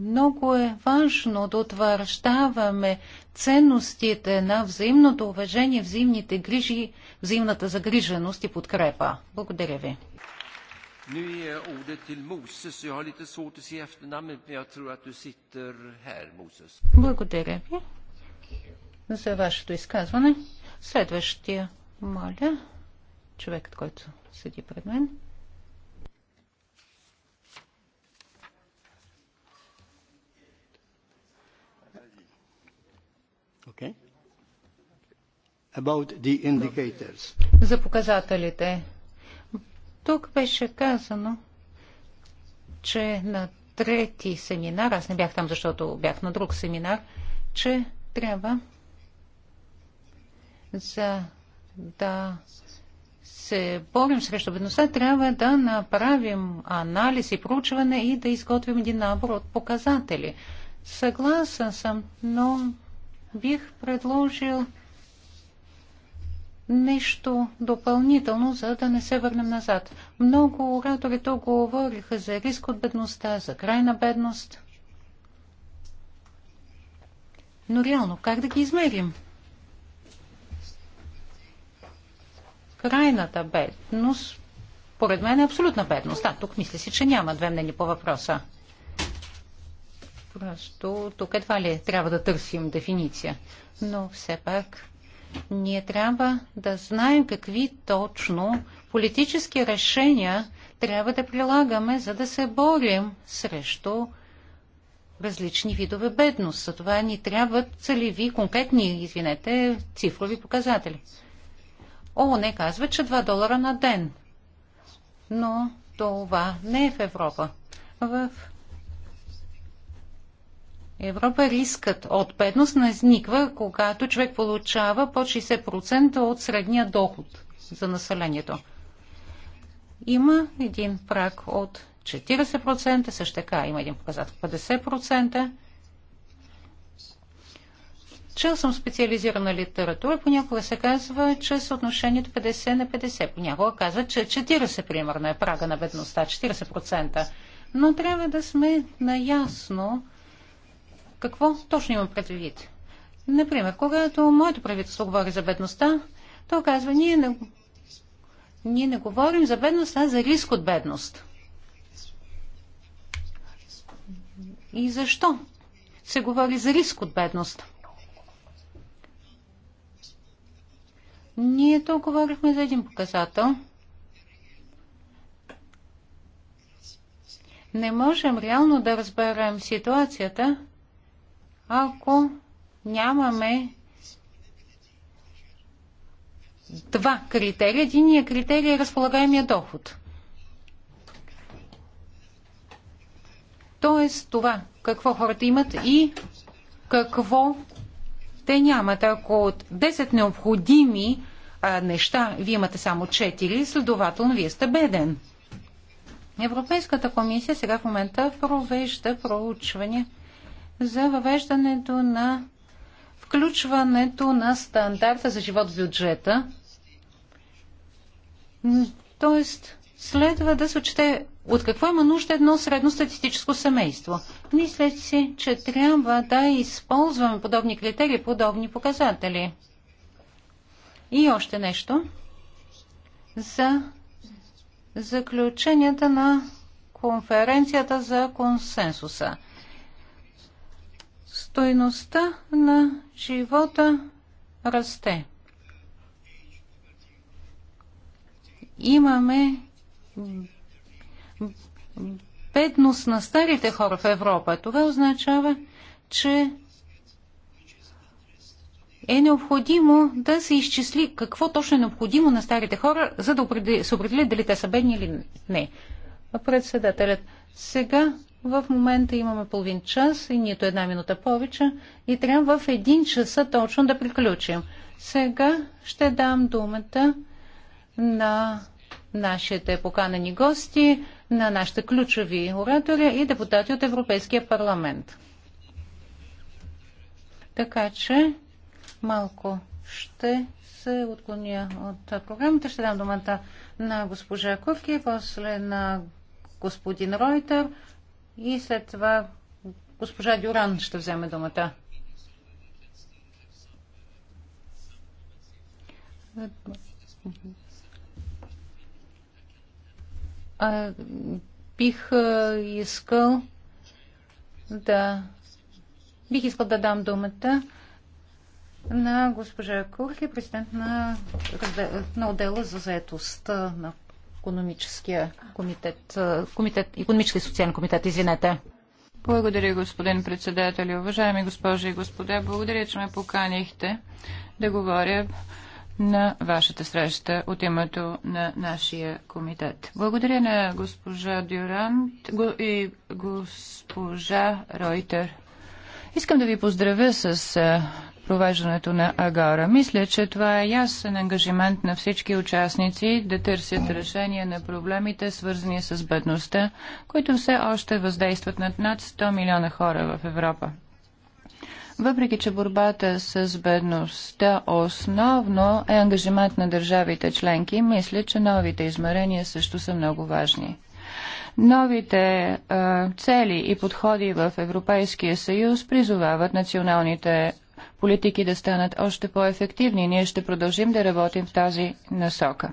S5: Много е важно да утвърждаваме ценностите на взаимното уважение, взаимните грижи, взаимната загриженост и подкрепа. Благодаря ви.
S2: Nu ordet till Moses. Jag har lite svårt att se efternamnet, men jag tror att du sitter här, Moses.
S5: Благодаря ви за вашето изказване. Следващия, моля, човекът, който седи пред мен. Okay.
S2: About the indicators.
S5: За показателите. Тук беше казано, че на трети семинар, аз не бях там, защото бях на друг семинар, че трябва за да се борим срещу бедността, трябва да направим анализ и проучване и да изготвим един набор от показатели. Съгласен съм, но бих предложил нещо допълнително, за да не се върнем назад. Много оратори то говориха за риск от бедността, за крайна бедност. Но реално, как да ги измерим? Крайната бедност, поред мен е абсолютна бедност. Да, тук мисля си, че няма две мнения по въпроса. Просто тук едва ли трябва да търсим дефиниция. Но все пак ние трябва да знаем какви точно политически решения трябва да прилагаме, за да се борим срещу различни видове бедност. За това ни трябват целеви, конкретни, извинете, цифрови показатели. О, не, казва, че 2 долара на ден. Но това не е в Европа. В Европа рискът от бедност възниква, когато човек получава под 60% от средния доход за населението. Има един прак от 40%, също така има един показател 50%. Чел съм специализирана литература, понякога се казва, че съотношението 50 на 50. Понякога казва, че 40 примерно е прага на бедността, 40%. Но трябва да сме наясно, какво точно имам предвид? Например, когато моето правителство говори за бедността, то казва, ние не, ние не говорим за бедност, а за риск от бедност. И защо се говори за риск от бедност? Ние тук говорихме за един показател. Не можем реално да разберем ситуацията, ако нямаме два критерия. Единият критерий е разполагаемия доход. Тоест това, какво хората имат и какво те нямат. Ако от 10 необходими а, неща вие имате само 4, следователно вие сте беден. Европейската комисия сега в момента провежда проучване за въвеждането на включването на стандарта за живот в бюджета. Тоест, следва да се отчете от какво има нужда едно средностатистическо семейство. Мисля си, че трябва да използваме подобни критерии, подобни показатели. И още нещо за заключенията на конференцията за консенсуса. Стойността на живота расте. Имаме бедност на старите хора в Европа. Това означава, че е необходимо да се изчисли какво точно е необходимо на старите хора, за да се определят дали те са бедни или не. Председателят, сега в момента имаме половин час и нито една минута повече и трябва в един час точно да приключим. Сега ще дам думата на нашите поканени гости, на нашите ключови оратори и депутати от Европейския парламент. Така че малко ще се отклоня от програмата. Ще дам думата на госпожа Курки, после на господин Ройтер, и след това госпожа Дюран ще вземе думата. А, бих искал да бих искал да дам думата на госпожа Курхи, президент на, на отдела за заетост на економическия комитет, комитет економически и социален комитет, извинете.
S3: Благодаря, господин председател. Уважаеми госпожи и господа, благодаря, че ме поканихте да говоря на вашата среща от името на нашия комитет. Благодаря на госпожа Дюрант и госпожа Ройтер. Искам да ви поздравя с провеждането на Агора. Мисля, че това е ясен ангажимент на всички участници да търсят решение на проблемите, свързани с бедността, които все още въздействат над над 100 милиона хора в Европа. Въпреки, че борбата с бедността основно е ангажимент на държавите членки, мисля, че новите измерения също са много важни. Новите а, цели и подходи в Европейския съюз призовават националните политики да станат още по-ефективни. Ние ще продължим да работим в тази насока.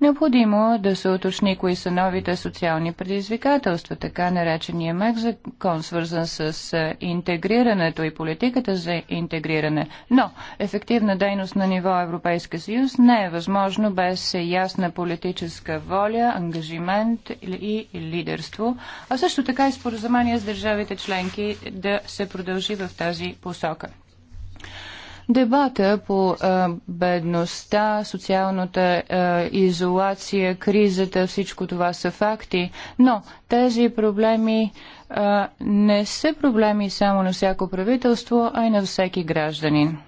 S3: Необходимо е да се уточни кои са новите социални предизвикателства, така наречения МЕК закон, свързан с интегрирането и политиката за интегриране. Но ефективна дейност на ниво Европейска съюз не е възможно без ясна политическа воля, ангажимент и лидерство, а също така и споразумение с държавите членки да се продължи в тази посока. Дебата по а, бедността, социалната а, изолация, кризата, всичко това са факти, но тези проблеми а, не са проблеми само на всяко правителство, а и на всеки гражданин.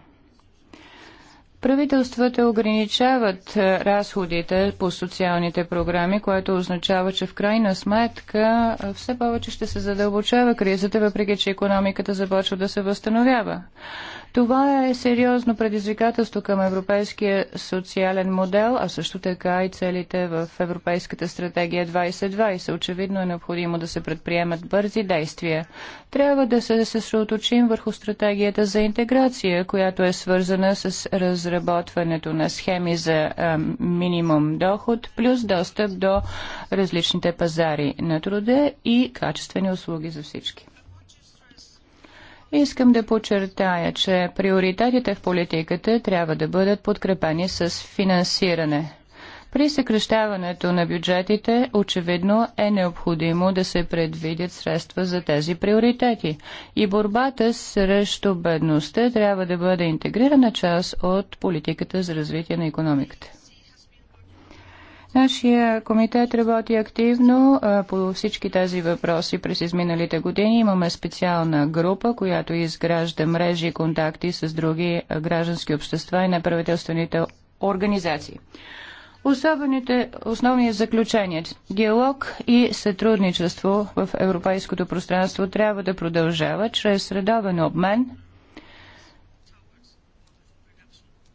S3: Правителствата ограничават разходите по социалните програми, което означава, че в крайна сметка все повече ще се задълбочава кризата, въпреки че економиката започва да се възстановява. Това е сериозно предизвикателство към европейския социален модел, а също така и целите в Европейската стратегия 2020. Очевидно е необходимо да се предприемат бързи действия. Трябва да се съсредоточим върху стратегията за интеграция, която е свързана с разработването на схеми за а, минимум доход, плюс достъп до различните пазари на труда и качествени услуги за всички. Искам да подчертая, че приоритетите в политиката трябва да бъдат подкрепени с финансиране. При съкрещаването на бюджетите очевидно е необходимо да се предвидят средства за тези приоритети. И борбата срещу бедността трябва да бъде интегрирана част от политиката за развитие на економиката. Нашия комитет работи активно по всички тези въпроси през изминалите години. Имаме специална група, която изгражда мрежи и контакти с други граждански общества и неправителствените организации. Особените основни заключения – диалог и сътрудничество в европейското пространство трябва да продължава чрез редовен обмен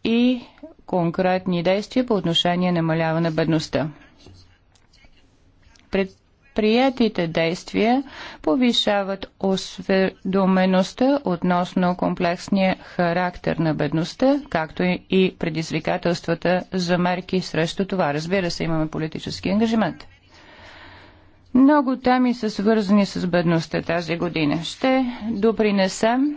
S3: и конкретни действия по отношение намаляване бедността. Предприятите действия повишават осведомеността относно комплексния характер на бедността, както и предизвикателствата за мерки срещу това. Разбира се, имаме политически ангажимент. Много теми са свързани с бедността тази година. Ще допринесем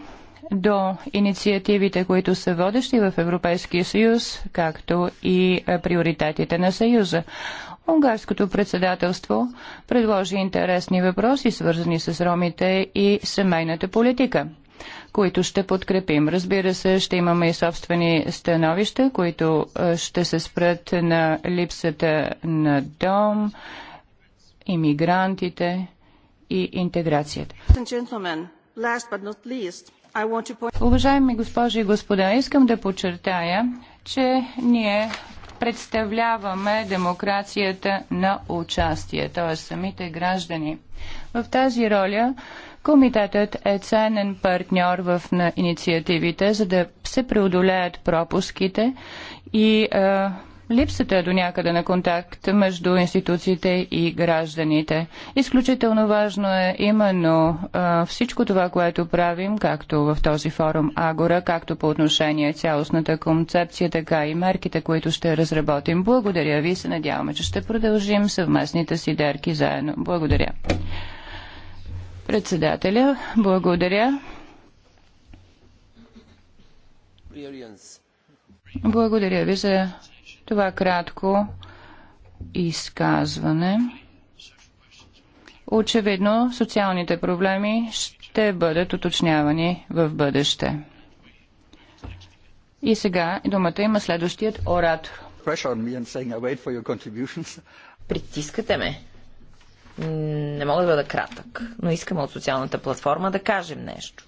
S3: до инициативите, които са водещи в Европейския съюз, както и е, приоритетите на съюза. Унгарското председателство предложи интересни въпроси, свързани с ромите и семейната политика които ще подкрепим. Разбира се, ще имаме и собствени становища, които е, ще се спрат на липсата на дом, иммигрантите и интеграцията.
S5: Last but not least,
S3: Уважаеми госпожи и господа, искам да подчертая, че ние представляваме демокрацията на участие, т.е. самите граждани. В тази роля Комитетът е ценен партньор в на инициативите, за да се преодолеят пропуските и е, липсата до някъде на контакт между институциите и гражданите. Изключително важно е именно а, всичко това, което правим, както в този форум Агора, както по отношение цялостната концепция, така и мерките, които ще разработим. Благодаря ви, се надяваме, че ще продължим съвместните си дерки заедно. Благодаря. Председателя, благодаря. Благодаря ви за това кратко изказване. Очевидно, социалните проблеми ще бъдат уточнявани в бъдеще. И сега думата има следващият оратор.
S6: Притискате ме.
S3: Не мога да бъда кратък, но искам от социалната
S6: платформа да кажем нещо.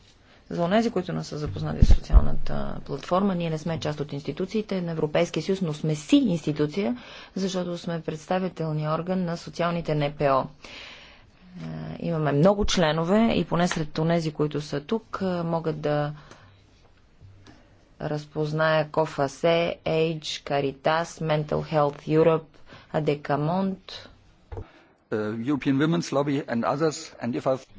S6: За онези, които не са запознати с социалната платформа, ние не сме част от институциите на Европейския съюз, но сме си институция, защото сме представителния орган на социалните НПО. Е, имаме много членове и поне сред онези, които са тук, е, могат да разпозная Кофасе, Age, Caritas, Mental Health Europe, Адекамонт,
S2: Uh,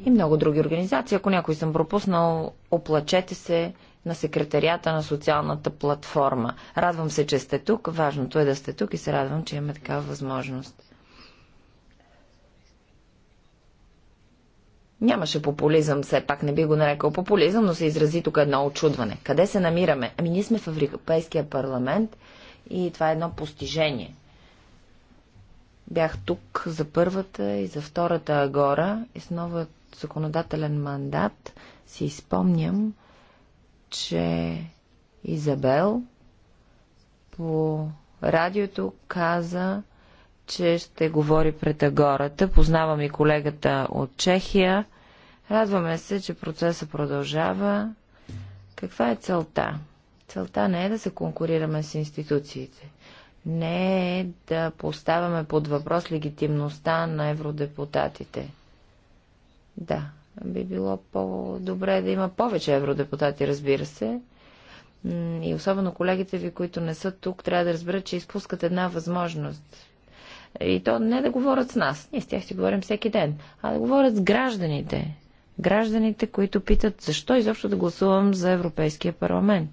S6: и много други организации. Ако някой съм пропуснал, оплачете се на секретарията на социалната платформа. Радвам се, че сте тук. Важното е да сте тук и се радвам, че имаме такава възможност. Нямаше популизъм, все пак не би го нарекал популизъм, но се изрази тук едно очудване. Къде се намираме? Ами ние сме в Европейския парламент и това е едно постижение – Бях тук за първата и за втората агора и с новият законодателен мандат си изпомням, че Изабел по радиото каза, че ще говори пред Агората. Познавам и колегата от Чехия. Радваме се, че процесът продължава. Каква е целта? Целта не е да се конкурираме с институциите не е да поставяме под въпрос легитимността на евродепутатите. Да, би било по-добре да има повече евродепутати, разбира се. И особено колегите ви, които не са тук, трябва да разберат, че изпускат една възможност. И то не да говорят с нас, ние с тях си говорим всеки ден, а да говорят с гражданите. Гражданите, които питат защо изобщо да гласувам за Европейския парламент.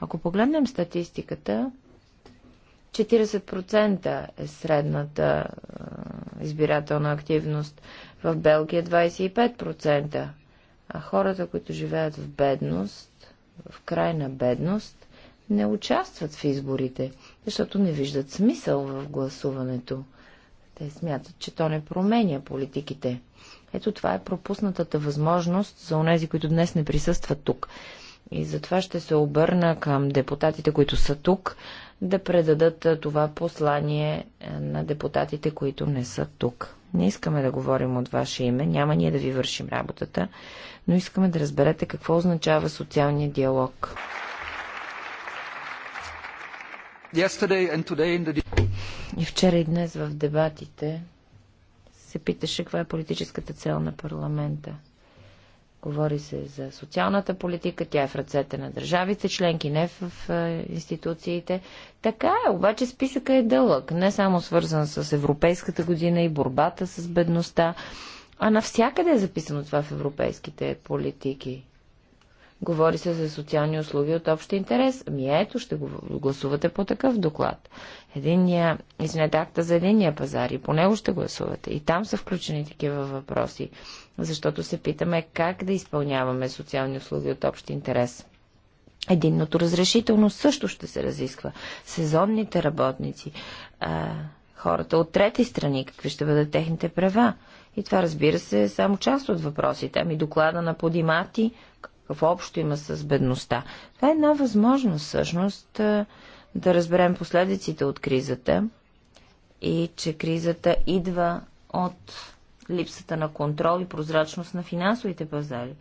S6: Ако погледнем статистиката, 40% е средната избирателна активност. В Белгия 25%. А хората, които живеят в бедност, в крайна бедност, не участват в изборите, защото не виждат смисъл в гласуването. Те смятат, че то не променя политиките. Ето това е пропуснатата възможност за онези, които днес не присъстват тук. И затова ще се обърна към депутатите, които са тук, да предадат това послание е, на депутатите, които не са тук. Не искаме да говорим от ваше име, няма ние да ви вършим работата, но искаме да разберете какво означава социалния диалог. И вчера и днес в дебатите се питаше каква е политическата цел на парламента. Говори се за социалната политика, тя е в ръцете на държавите членки, не в институциите. Така е, обаче списъка е дълъг, не само свързан с Европейската година и борбата с бедността, а навсякъде е записано това в европейските политики. Говори се за социални услуги от общ интерес. Ми ето, ще го гласувате по такъв доклад. Единия, извинете, акта за единия пазар и по него ще гласувате. И там са включени такива въпроси, защото се питаме как да изпълняваме социални услуги от общ интерес. Единното разрешително също ще се разисква. Сезонните работници, а, хората от трети страни, какви ще бъдат техните права. И това, разбира се, е само част от въпросите. Ами доклада на Подимати, какво общо има с бедността. Това е една възможност всъщност да разберем последиците от кризата и че кризата идва от липсата на контрол и прозрачност на финансовите пазари.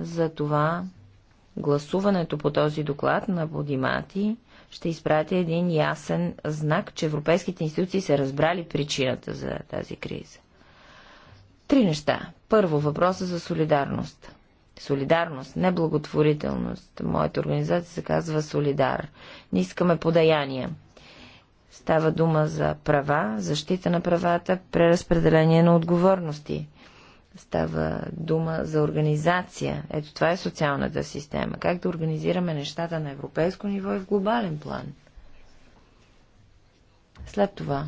S6: Затова гласуването по този доклад на Бодимати ще изпрати един ясен знак, че европейските институции са разбрали причината за тази криза. Три неща. Първо, въпроса за солидарност. Солидарност, не благотворителност. Моята организация се казва Солидар. Не искаме подаяния. Става дума за права, защита на правата, преразпределение на отговорности. Става дума за организация. Ето това е социалната система. Как да организираме нещата на европейско ниво и в глобален план. След това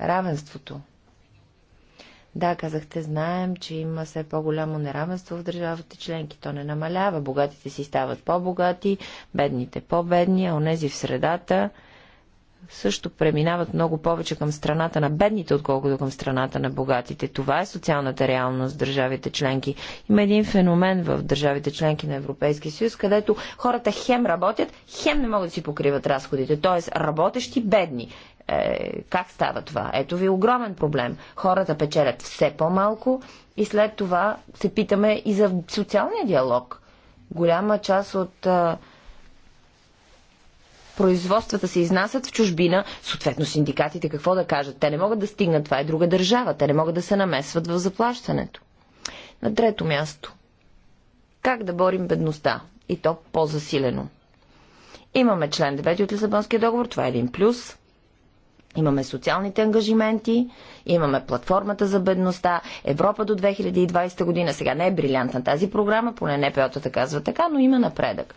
S6: равенството. Да, казахте, знаем, че има все по-голямо неравенство в държавите членки. То не намалява. Богатите си стават по-богати, бедните по-бедни, а онези в средата също преминават много повече към страната на бедните, отколкото към страната на богатите. Това е социалната реалност в държавите членки. Има един феномен в държавите членки на Европейския съюз, където хората хем работят, хем не могат да си покриват разходите. Тоест, работещи бедни. Е, как става това? Ето ви огромен проблем. Хората печелят все по-малко и след това се питаме и за социалния диалог. Голяма част от е, производствата се изнасят в чужбина, съответно синдикатите какво да кажат? Те не могат да стигнат, това е друга държава, те не могат да се намесват в заплащането. На трето място. Как да борим бедността? И то по-засилено. Имаме член 9 от Лисабонския договор, това е един плюс. Имаме социалните ангажименти, имаме платформата за бедността, Европа до 2020 година. Сега не е брилянтна тази програма, поне не пеотата казва така, но има напредък.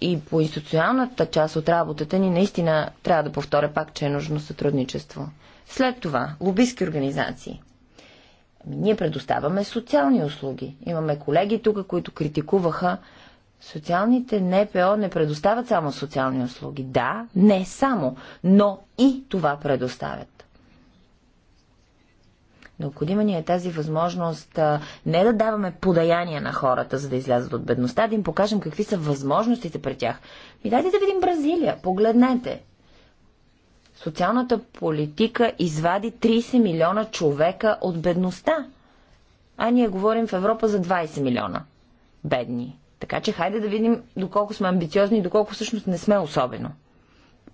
S6: И по институционалната част от работата ни наистина трябва да повторя пак, че е нужно сътрудничество. След това, лобистки организации. Ами, ние предоставяме социални услуги. Имаме колеги тук, които критикуваха Социалните НПО не предоставят само социални услуги. Да, не само, но и това предоставят. Необходима ни е тази възможност не да даваме подаяния на хората, за да излязат от бедността, да им покажем какви са възможностите при тях. Ми дайте да видим Бразилия, погледнете. Социалната политика извади 30 милиона човека от бедността. А ние говорим в Европа за 20 милиона бедни. Така че хайде да видим доколко сме амбициозни и доколко всъщност не сме особено.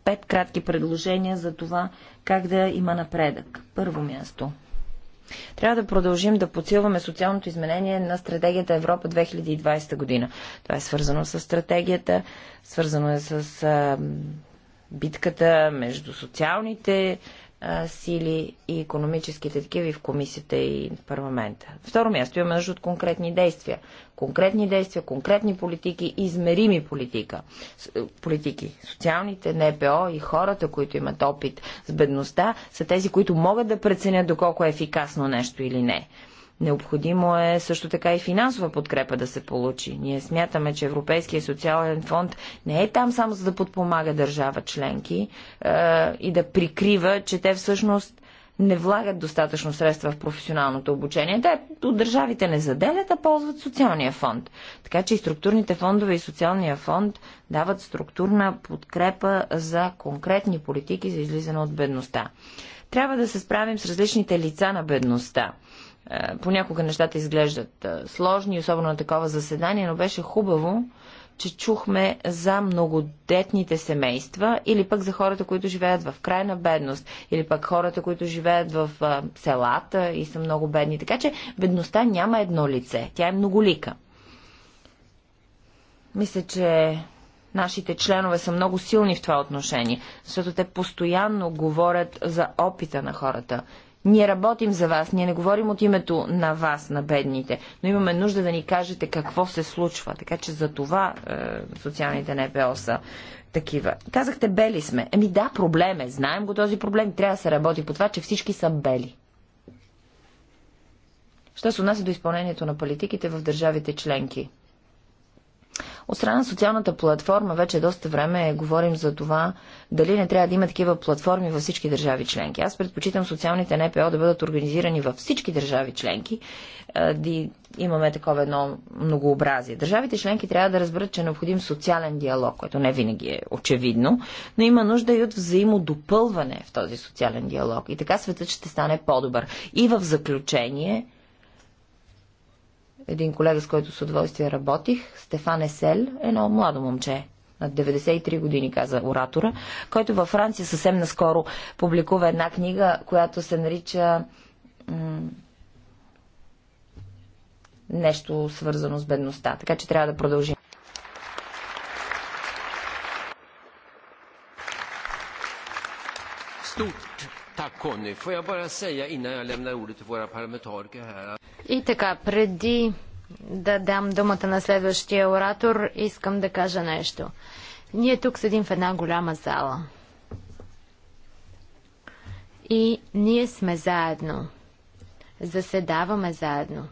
S6: Пет кратки предложения за това как да има напредък. Първо място. Трябва да продължим да подсилваме социалното изменение на стратегията Европа 2020 година. Това е свързано с стратегията, свързано е с битката между социалните сили и економическите такива и в комисията и в парламента. Второ място имаме нужда от конкретни действия. Конкретни действия, конкретни политики, измерими политика. Е, политики. Социалните, НПО и хората, които имат опит с бедността, са тези, които могат да преценят доколко е ефикасно нещо или не. Необходимо е също така и финансова подкрепа да се получи. Ние смятаме, че Европейския социален фонд не е там само за да подпомага държава членки е, и да прикрива, че те всъщност не влагат достатъчно средства в професионалното обучение. Те от държавите не заделят, а ползват социалния фонд. Така че и структурните фондове и социалния фонд дават структурна подкрепа за конкретни политики за излизане от бедността. Трябва да се справим с различните лица на бедността. Е, понякога нещата изглеждат е, сложни, особено на такова заседание, но беше хубаво, че чухме за многодетните семейства или пък за хората, които живеят в крайна бедност, или пък хората, които живеят в е, селата и са много бедни. Така че бедността няма едно лице, тя е многолика. Мисля, че нашите членове са много силни в това отношение, защото те постоянно говорят за опита на хората. Ние работим за вас, ние не говорим от името на вас, на бедните, но имаме нужда да ни кажете какво се случва. Така че за това е, социалните НПО са такива. Казахте, бели сме. Еми да, проблем е. Знаем го този проблем. Трябва да се работи по това, че всички са бели. Що се отнася до изпълнението на политиките в държавите членки? От страна на социалната платформа вече доста време говорим за това дали не трябва да има такива платформи във всички държави членки. Аз предпочитам социалните НПО да бъдат организирани във всички държави членки, да имаме такова едно многообразие. Държавите членки трябва да разберат, че е необходим социален диалог, което не винаги е очевидно, но има нужда и от взаимодопълване в този социален диалог. И така светът ще стане по-добър. И в заключение един колега, с който с удоволствие работих, Стефан Есел, едно младо момче, на 93 години, каза оратора, който във Франция съвсем наскоро публикува една книга, която се нарича нещо свързано с бедността. Така че трябва да продължим.
S2: Conny, får jag bara säga innan jag lämnar ordet till våra parlamentariker här.
S4: И така, преди да дам думата на следващия оратор, искам да кажа нещо. Ние тук седим в една голяма зала. И ние сме заедно. Заседаваме заедно.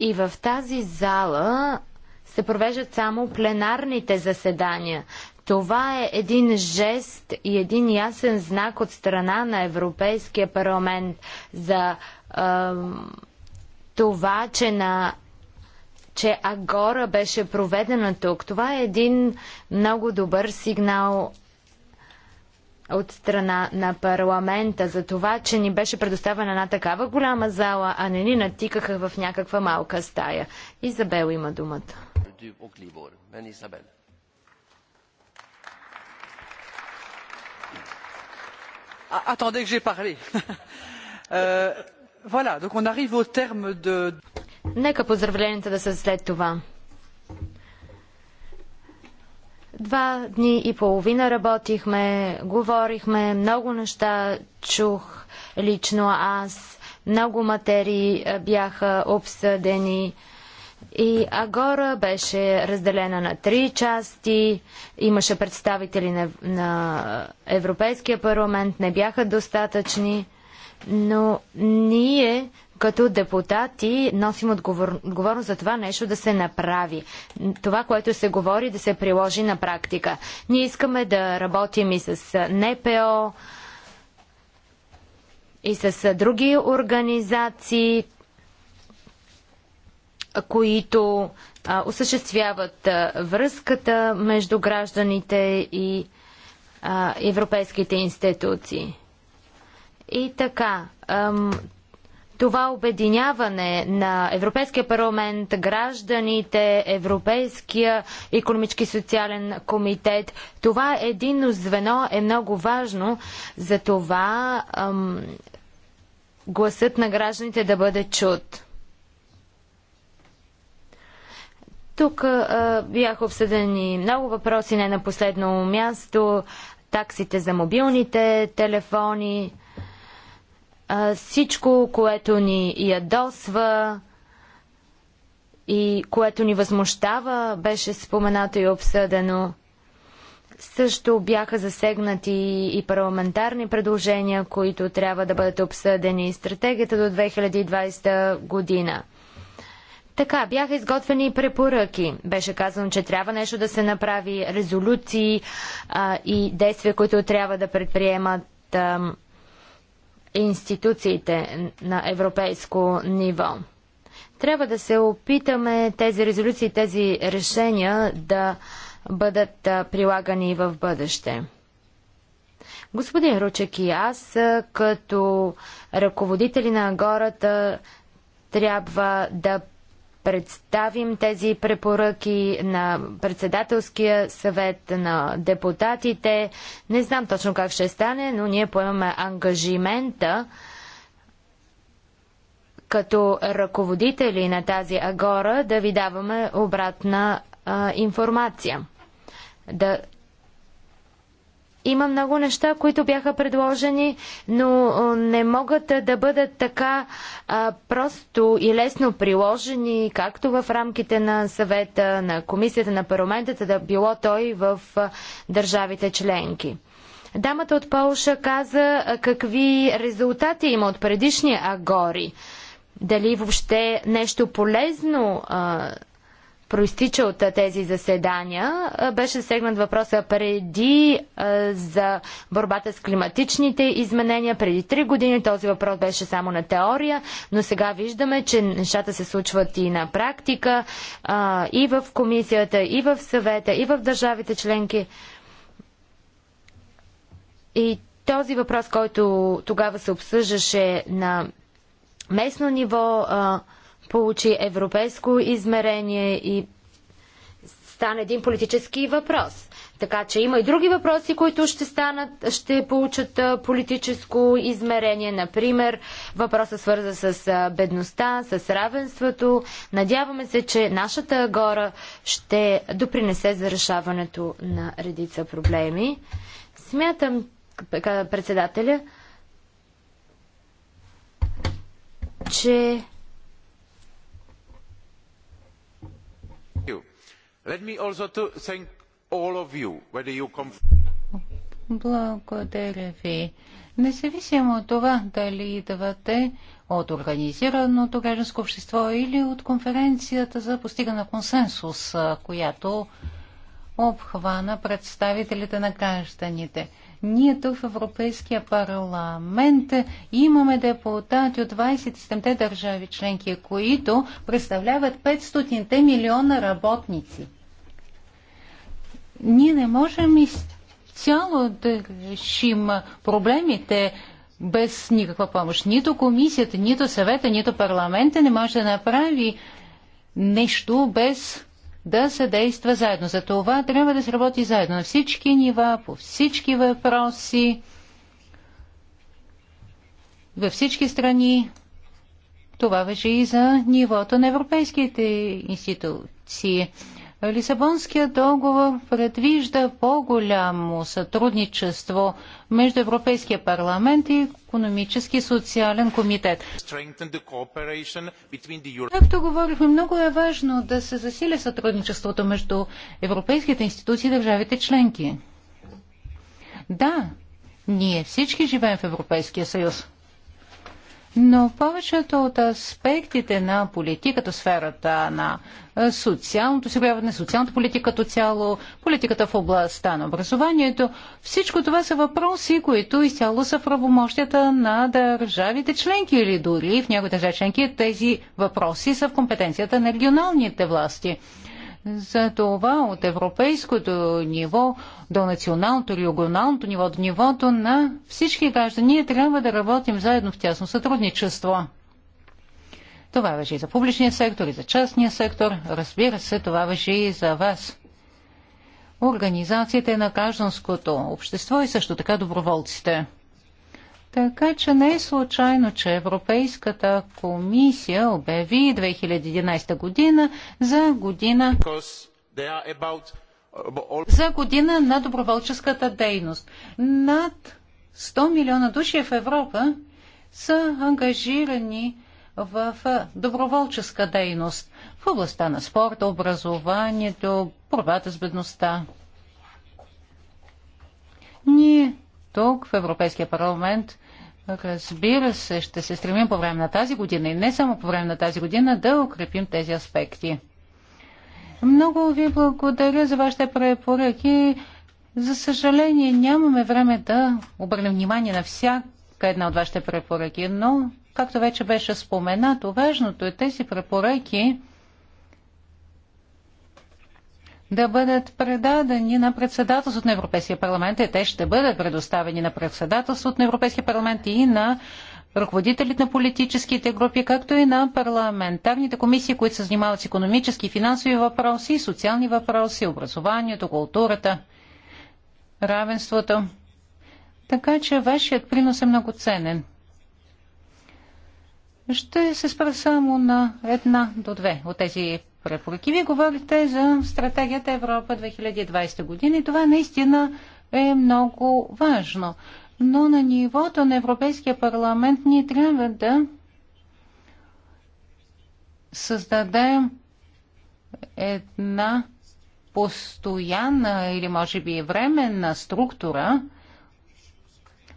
S4: И в тази зала се провеждат само пленарните заседания. Това е един жест и един ясен знак от страна на Европейския парламент за е, това, че на че Агора беше проведена тук. Това е един много добър сигнал от страна на парламента за това, че ни беше предоставена една такава голяма зала, а не ни натикаха в някаква малка стая. Изабел има думата.
S2: Ah, attendez que j'ai parlé. Euh, voilà, donc on arrive
S5: au terme de...
S4: Нека поздравленията да са след това. Два дни и половина работихме, говорихме, много неща чух лично аз, много материи е, бяха обсъдени. И Агора беше разделена на три части, имаше представители на, на Европейския парламент, не бяха достатъчни, но ние като депутати носим отговор, отговорност за това нещо да се направи. Това, което се говори, да се приложи на практика. Ние искаме да работим и с НПО, и с други организации, които а, осъществяват а, връзката между гражданите и а, европейските институции. И така, ам, това обединяване на Европейския парламент, гражданите, Европейския економически и социален комитет, това е звено е много важно. За това ам, гласът на гражданите да бъде чут. Тук а, бяха обсъдени много въпроси, не на последно място. Таксите за мобилните телефони, а, всичко, което ни ядосва и което ни възмущава, беше споменато и обсъдено. Също бяха засегнати и парламентарни предложения, които трябва да бъдат обсъдени. Стратегията до 2020 година – така, бяха изготвени препоръки. Беше казано, че трябва нещо да се направи, резолюции а, и действия, които трябва да предприемат а, институциите на европейско ниво. Трябва да се опитаме тези резолюции, тези решения да бъдат а, прилагани в бъдеще. Господин Ручек и аз, като ръководители на гората, трябва да представим тези препоръки на председателския съвет, на депутатите. Не знам точно как ще стане, но ние поемаме ангажимента като ръководители на тази агора да ви даваме обратна а, информация. Да има много неща, които бяха предложени, но не могат да бъдат така а, просто и лесно приложени, както в рамките на съвета, на комисията, на парламента, да било той в държавите членки. Дамата от Полша каза какви резултати има от предишния Агори. Дали въобще нещо полезно а, проистича от тези заседания, беше сегнат въпроса преди за борбата с климатичните изменения. Преди три години този въпрос беше само на теория, но сега виждаме, че нещата се случват и на практика, и в комисията, и в съвета, и в държавите членки. И този въпрос, който тогава се обсъждаше на местно ниво, получи европейско измерение и стане един политически въпрос. Така че има и други въпроси, които ще станат, ще получат политическо измерение. Например, въпроса свърза с бедността, с равенството. Надяваме се, че нашата гора ще допринесе за решаването на редица проблеми. Смятам, председателя, че
S2: Let me also thank all of you, whether you come
S5: благодаря ви. Независимо от това дали идвате от организираното гражданско общество или от конференцията за постигане на консенсус, която обхвана представителите на гражданите. Ние тук в Европейския парламент имаме депутати от 27-те държави членки, които представляват 500-те милиона работници. Ние не можем изцяло да решим проблемите, без никаква помощ. Нито комисията, нито съвета, нито парламента не може да направи нещо без да се действа заедно. За това трябва да се работи заедно на всички нива, по всички въпроси, във всички страни. Това въжи и за нивото на европейските институции. Лисабонският договор предвижда по-голямо сътрудничество между Европейския парламент и економически и социален комитет. Както говорихме, много е важно да се засиля сътрудничеството между европейските институции и държавите членки. Да, ние всички живеем в Европейския съюз но повечето от аспектите на политиката, сферата на социалното осигуряване, социалната политика като цяло, политиката в областта на образованието, всичко това са въпроси, които изцяло са в правомощията на държавите членки или дори в някои държави членки тези въпроси са в компетенцията на регионалните власти. За това от европейското ниво до националното или регионалното ниво, до нивото на всички граждани, ние трябва да работим заедно в тясно сътрудничество. Това въжи и за публичния сектор, и за частния сектор. Разбира се, това въжи и за вас. Организациите на гражданското общество и също така доброволците. Така че не е случайно, че Европейската комисия обяви 2011 година за година
S1: uh,
S5: за година на доброволческата дейност. Над 100 милиона души в Европа са ангажирани в доброволческа дейност в областта на спорта, образованието, борбата с бедността. Ние тук в Европейския парламент Разбира се, ще се стремим по време на тази година и не само по време на тази година да укрепим тези аспекти. Много ви благодаря за вашите препоръки. За съжаление, нямаме време да обърнем внимание на всяка една от вашите препоръки, но, както вече беше споменато, важното е тези препоръки да бъдат предадени на председателството на Европейския парламент и те ще бъдат предоставени на председателството на Европейския парламент и на ръководителите на политическите групи, както и на парламентарните комисии, които се занимават с економически и финансови въпроси, социални въпроси, образованието, културата, равенството. Така че вашият принос е много ценен. Ще се спра само на една до две от тези препоръки. Вие говорите за стратегията Европа 2020 година и това наистина е много важно. Но на нивото на Европейския парламент ние трябва да създадем една постоянна или може би временна структура,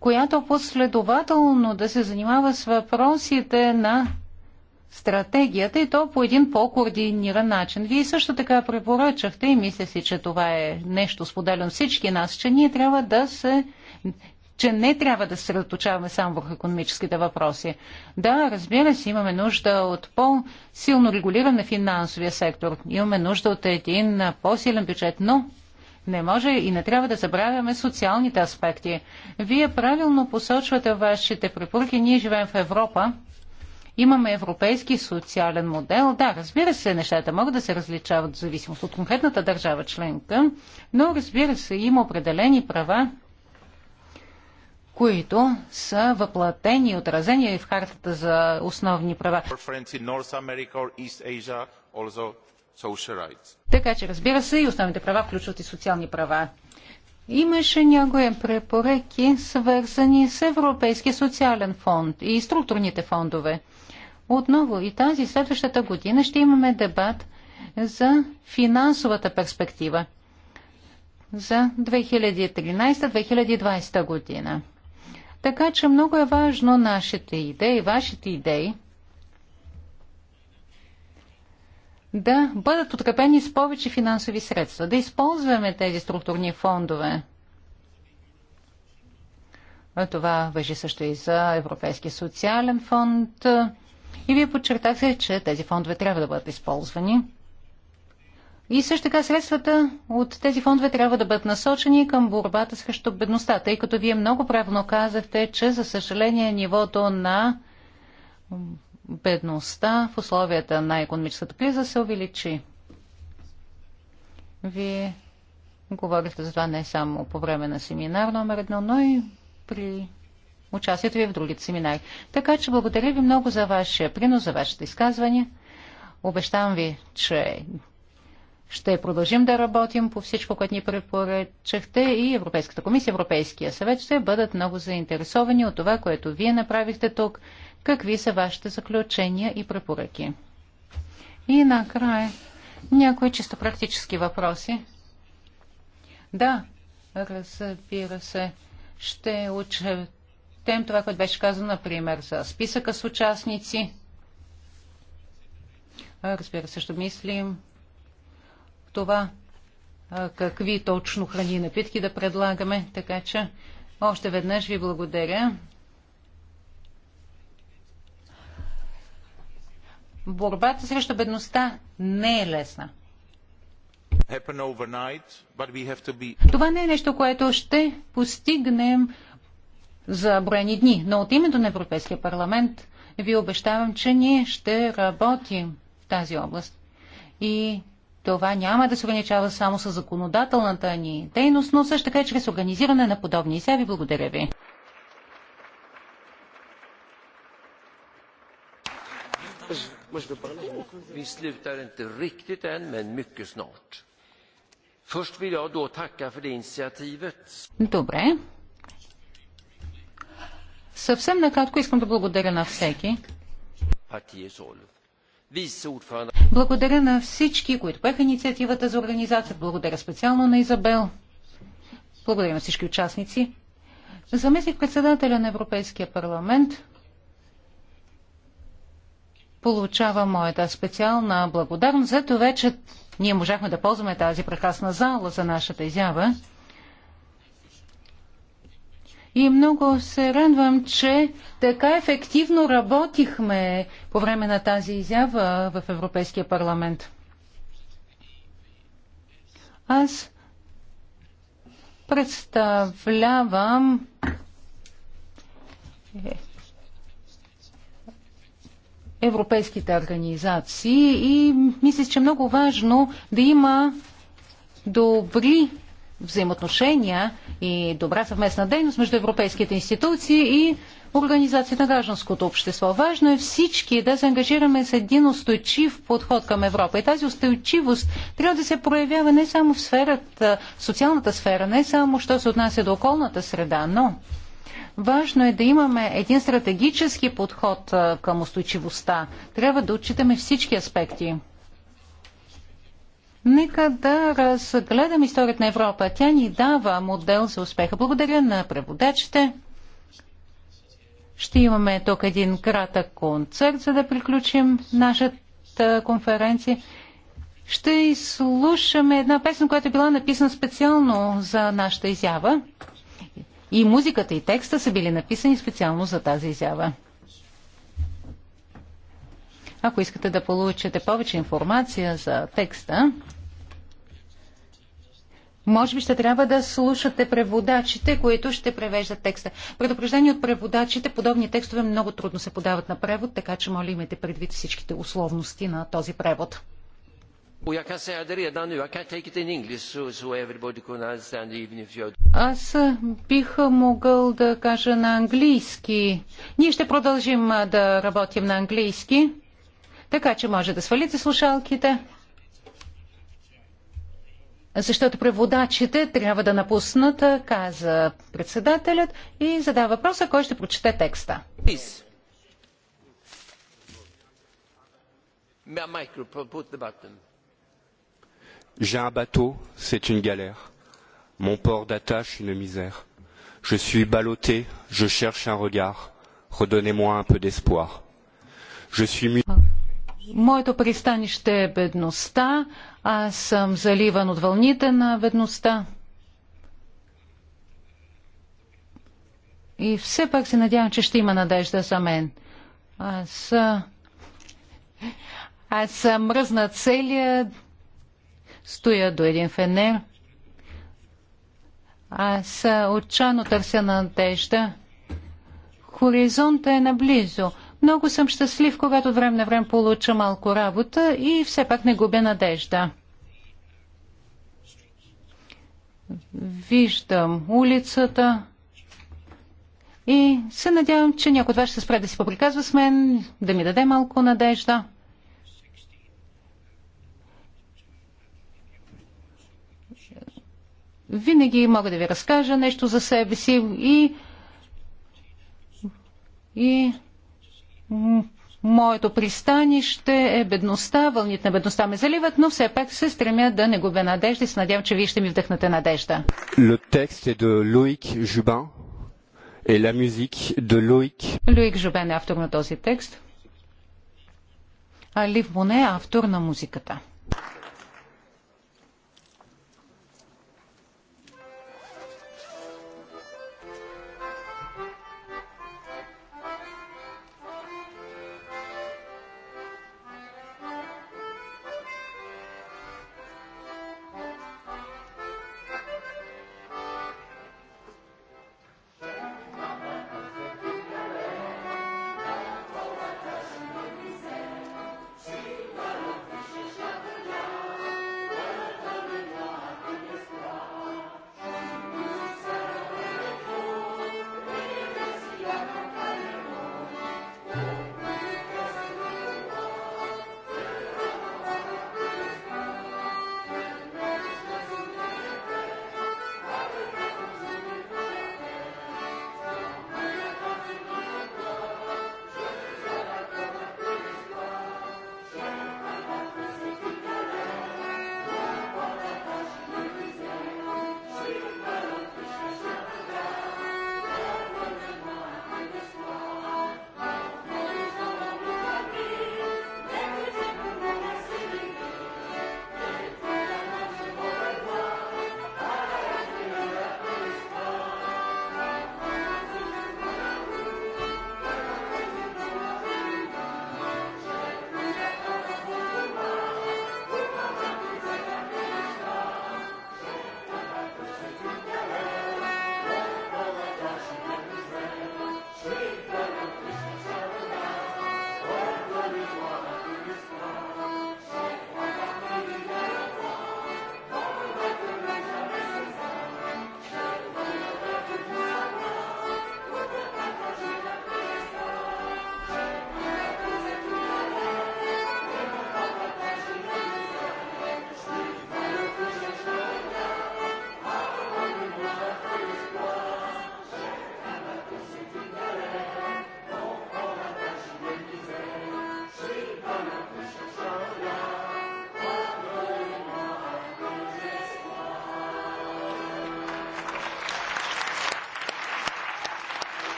S5: която последователно да се занимава с въпросите на стратегията и то по един по-координиран начин. Вие също така препоръчахте и мисля си, че това е нещо споделено всички нас, че ние трябва да се че не трябва да се съсредоточаваме само върху економическите въпроси. Да, разбира се, имаме нужда от по-силно регулиране на финансовия сектор. Имаме нужда от един по-силен бюджет, но не може и не трябва да забравяме социалните аспекти. Вие правилно посочвате вашите препоръки. Ние живеем в Европа, имаме европейски социален модел. Да, разбира се, нещата могат да се различават в зависимост от конкретната държава членка, но разбира се, има определени права, които са въплатени и отразени в хартата за основни права. Така че, разбира се, и основните права включват и социални права. Имаше някои препоръки, свързани с Европейския социален фонд и структурните фондове отново и тази следващата година ще имаме дебат за финансовата перспектива за 2013-2020 година. Така че много е важно нашите идеи, вашите идеи да бъдат открепени с повече финансови средства, да използваме тези структурни фондове. Това въжи също и за Европейския социален фонд, и вие подчертахте, че тези фондове трябва да бъдат използвани. И също така средствата от тези фондове трябва да бъдат насочени към борбата срещу бедността, тъй като вие много правилно казахте, че за съжаление нивото на бедността в условията на економическата криза се увеличи. Вие говорихте за това не само по време на семинар номер едно, но и при участието ви в другите семинари. Така че благодаря ви много за вашия принос, за вашите изказвания. Обещавам ви, че ще продължим да работим по всичко, което ни препоръчахте и Европейската комисия, Европейския съвет ще бъдат много заинтересовани от това, което вие направихте тук. Какви са вашите заключения и препоръки? И накрая някои чисто практически въпроси. Да, разбира се, ще учат отчетем това, което беше казано, например, за списъка с участници. Разбира се, ще мислим това, какви точно храни и напитки да предлагаме. Така че още веднъж ви благодаря. Борбата срещу бедността не е лесна. Това не е нещо, което ще постигнем за броени дни. Но от името на Европейския парламент ви обещавам, че ние ще работим в тази област. И това няма да се ограничава само с законодателната ни дейност, но също така и чрез организиране на подобни изяви. Благодаря ви.
S2: Vi slutar inte riktigt än, men mycket snart. Först vill jag då tacka för det initiativet.
S5: Добре. Съвсем накратко искам да благодаря на всеки. Благодаря на всички, които поеха инициативата за организация. Благодаря специално на Изабел. Благодаря на всички участници. Заместих председателя на Европейския парламент получава моята специална благодарност за това, че ние можахме да ползваме тази прекрасна зала за нашата изява. И много се радвам, че така ефективно работихме по време на тази изява в Европейския парламент. Аз представлявам е, европейските организации и мисля, че е много важно да има добри взаимоотношения и добра съвместна дейност между европейските институции и организацията на гражданското общество. Важно е всички да се ангажираме с един устойчив подход към Европа. И тази устойчивост трябва да се проявява не само в сферата, социалната сфера, не само що се отнася до околната среда, но важно е да имаме един стратегически подход към устойчивостта. Трябва да отчитаме всички аспекти. Нека да разгледам историята на Европа. Тя ни дава модел за успеха. Благодаря на преводачите. Ще имаме тук един кратък концерт, за да приключим нашата конференция. Ще изслушаме една песен, която е била написана специално за нашата изява. И музиката и текста са били написани специално за тази изява. Ако искате да получите повече информация за текста, може би ще трябва да слушате преводачите, които ще превеждат текста. Предупреждение от преводачите, подобни текстове много трудно се подават на превод, така че моля имайте предвид всичките условности на този превод. Аз бих могъл да кажа на английски. Ние ще продължим да работим на английски. Така че може да свалите слушалките, защото преводачите трябва да напуснат, каза председателят и задава въпроса, кой ще прочете текста.
S1: J'ai un bateau, c'est une galère. Mon port d'attache, une misère. Je suis ballotté, je cherche un regard. Redonnez-moi un peu d'espoir. Je suis mu...
S5: Моето пристанище е бедността. Аз съм заливан от вълните на бедността. И все пак се надявам, че ще има надежда за мен. Аз, аз съм мръзна целия, стоя до един фенер. Аз отчано търся надежда. Хоризонта е наблизо. Много съм щастлив, когато от време на време получа малко работа и все пак не губя надежда. Виждам улицата и се надявам, че някой от вас ще спре да си поприказва с мен, да ми даде малко надежда. Винаги мога да ви разкажа нещо за себе си и и моето пристанище е бедността, вълните на бедността ме заливат, но все пак се стремя да не губя надежда и се надявам, че вие ще ми вдъхнете надежда.
S1: Le de la de
S5: Луик Жубен е автор на този текст, а Лив Моне е автор на музиката.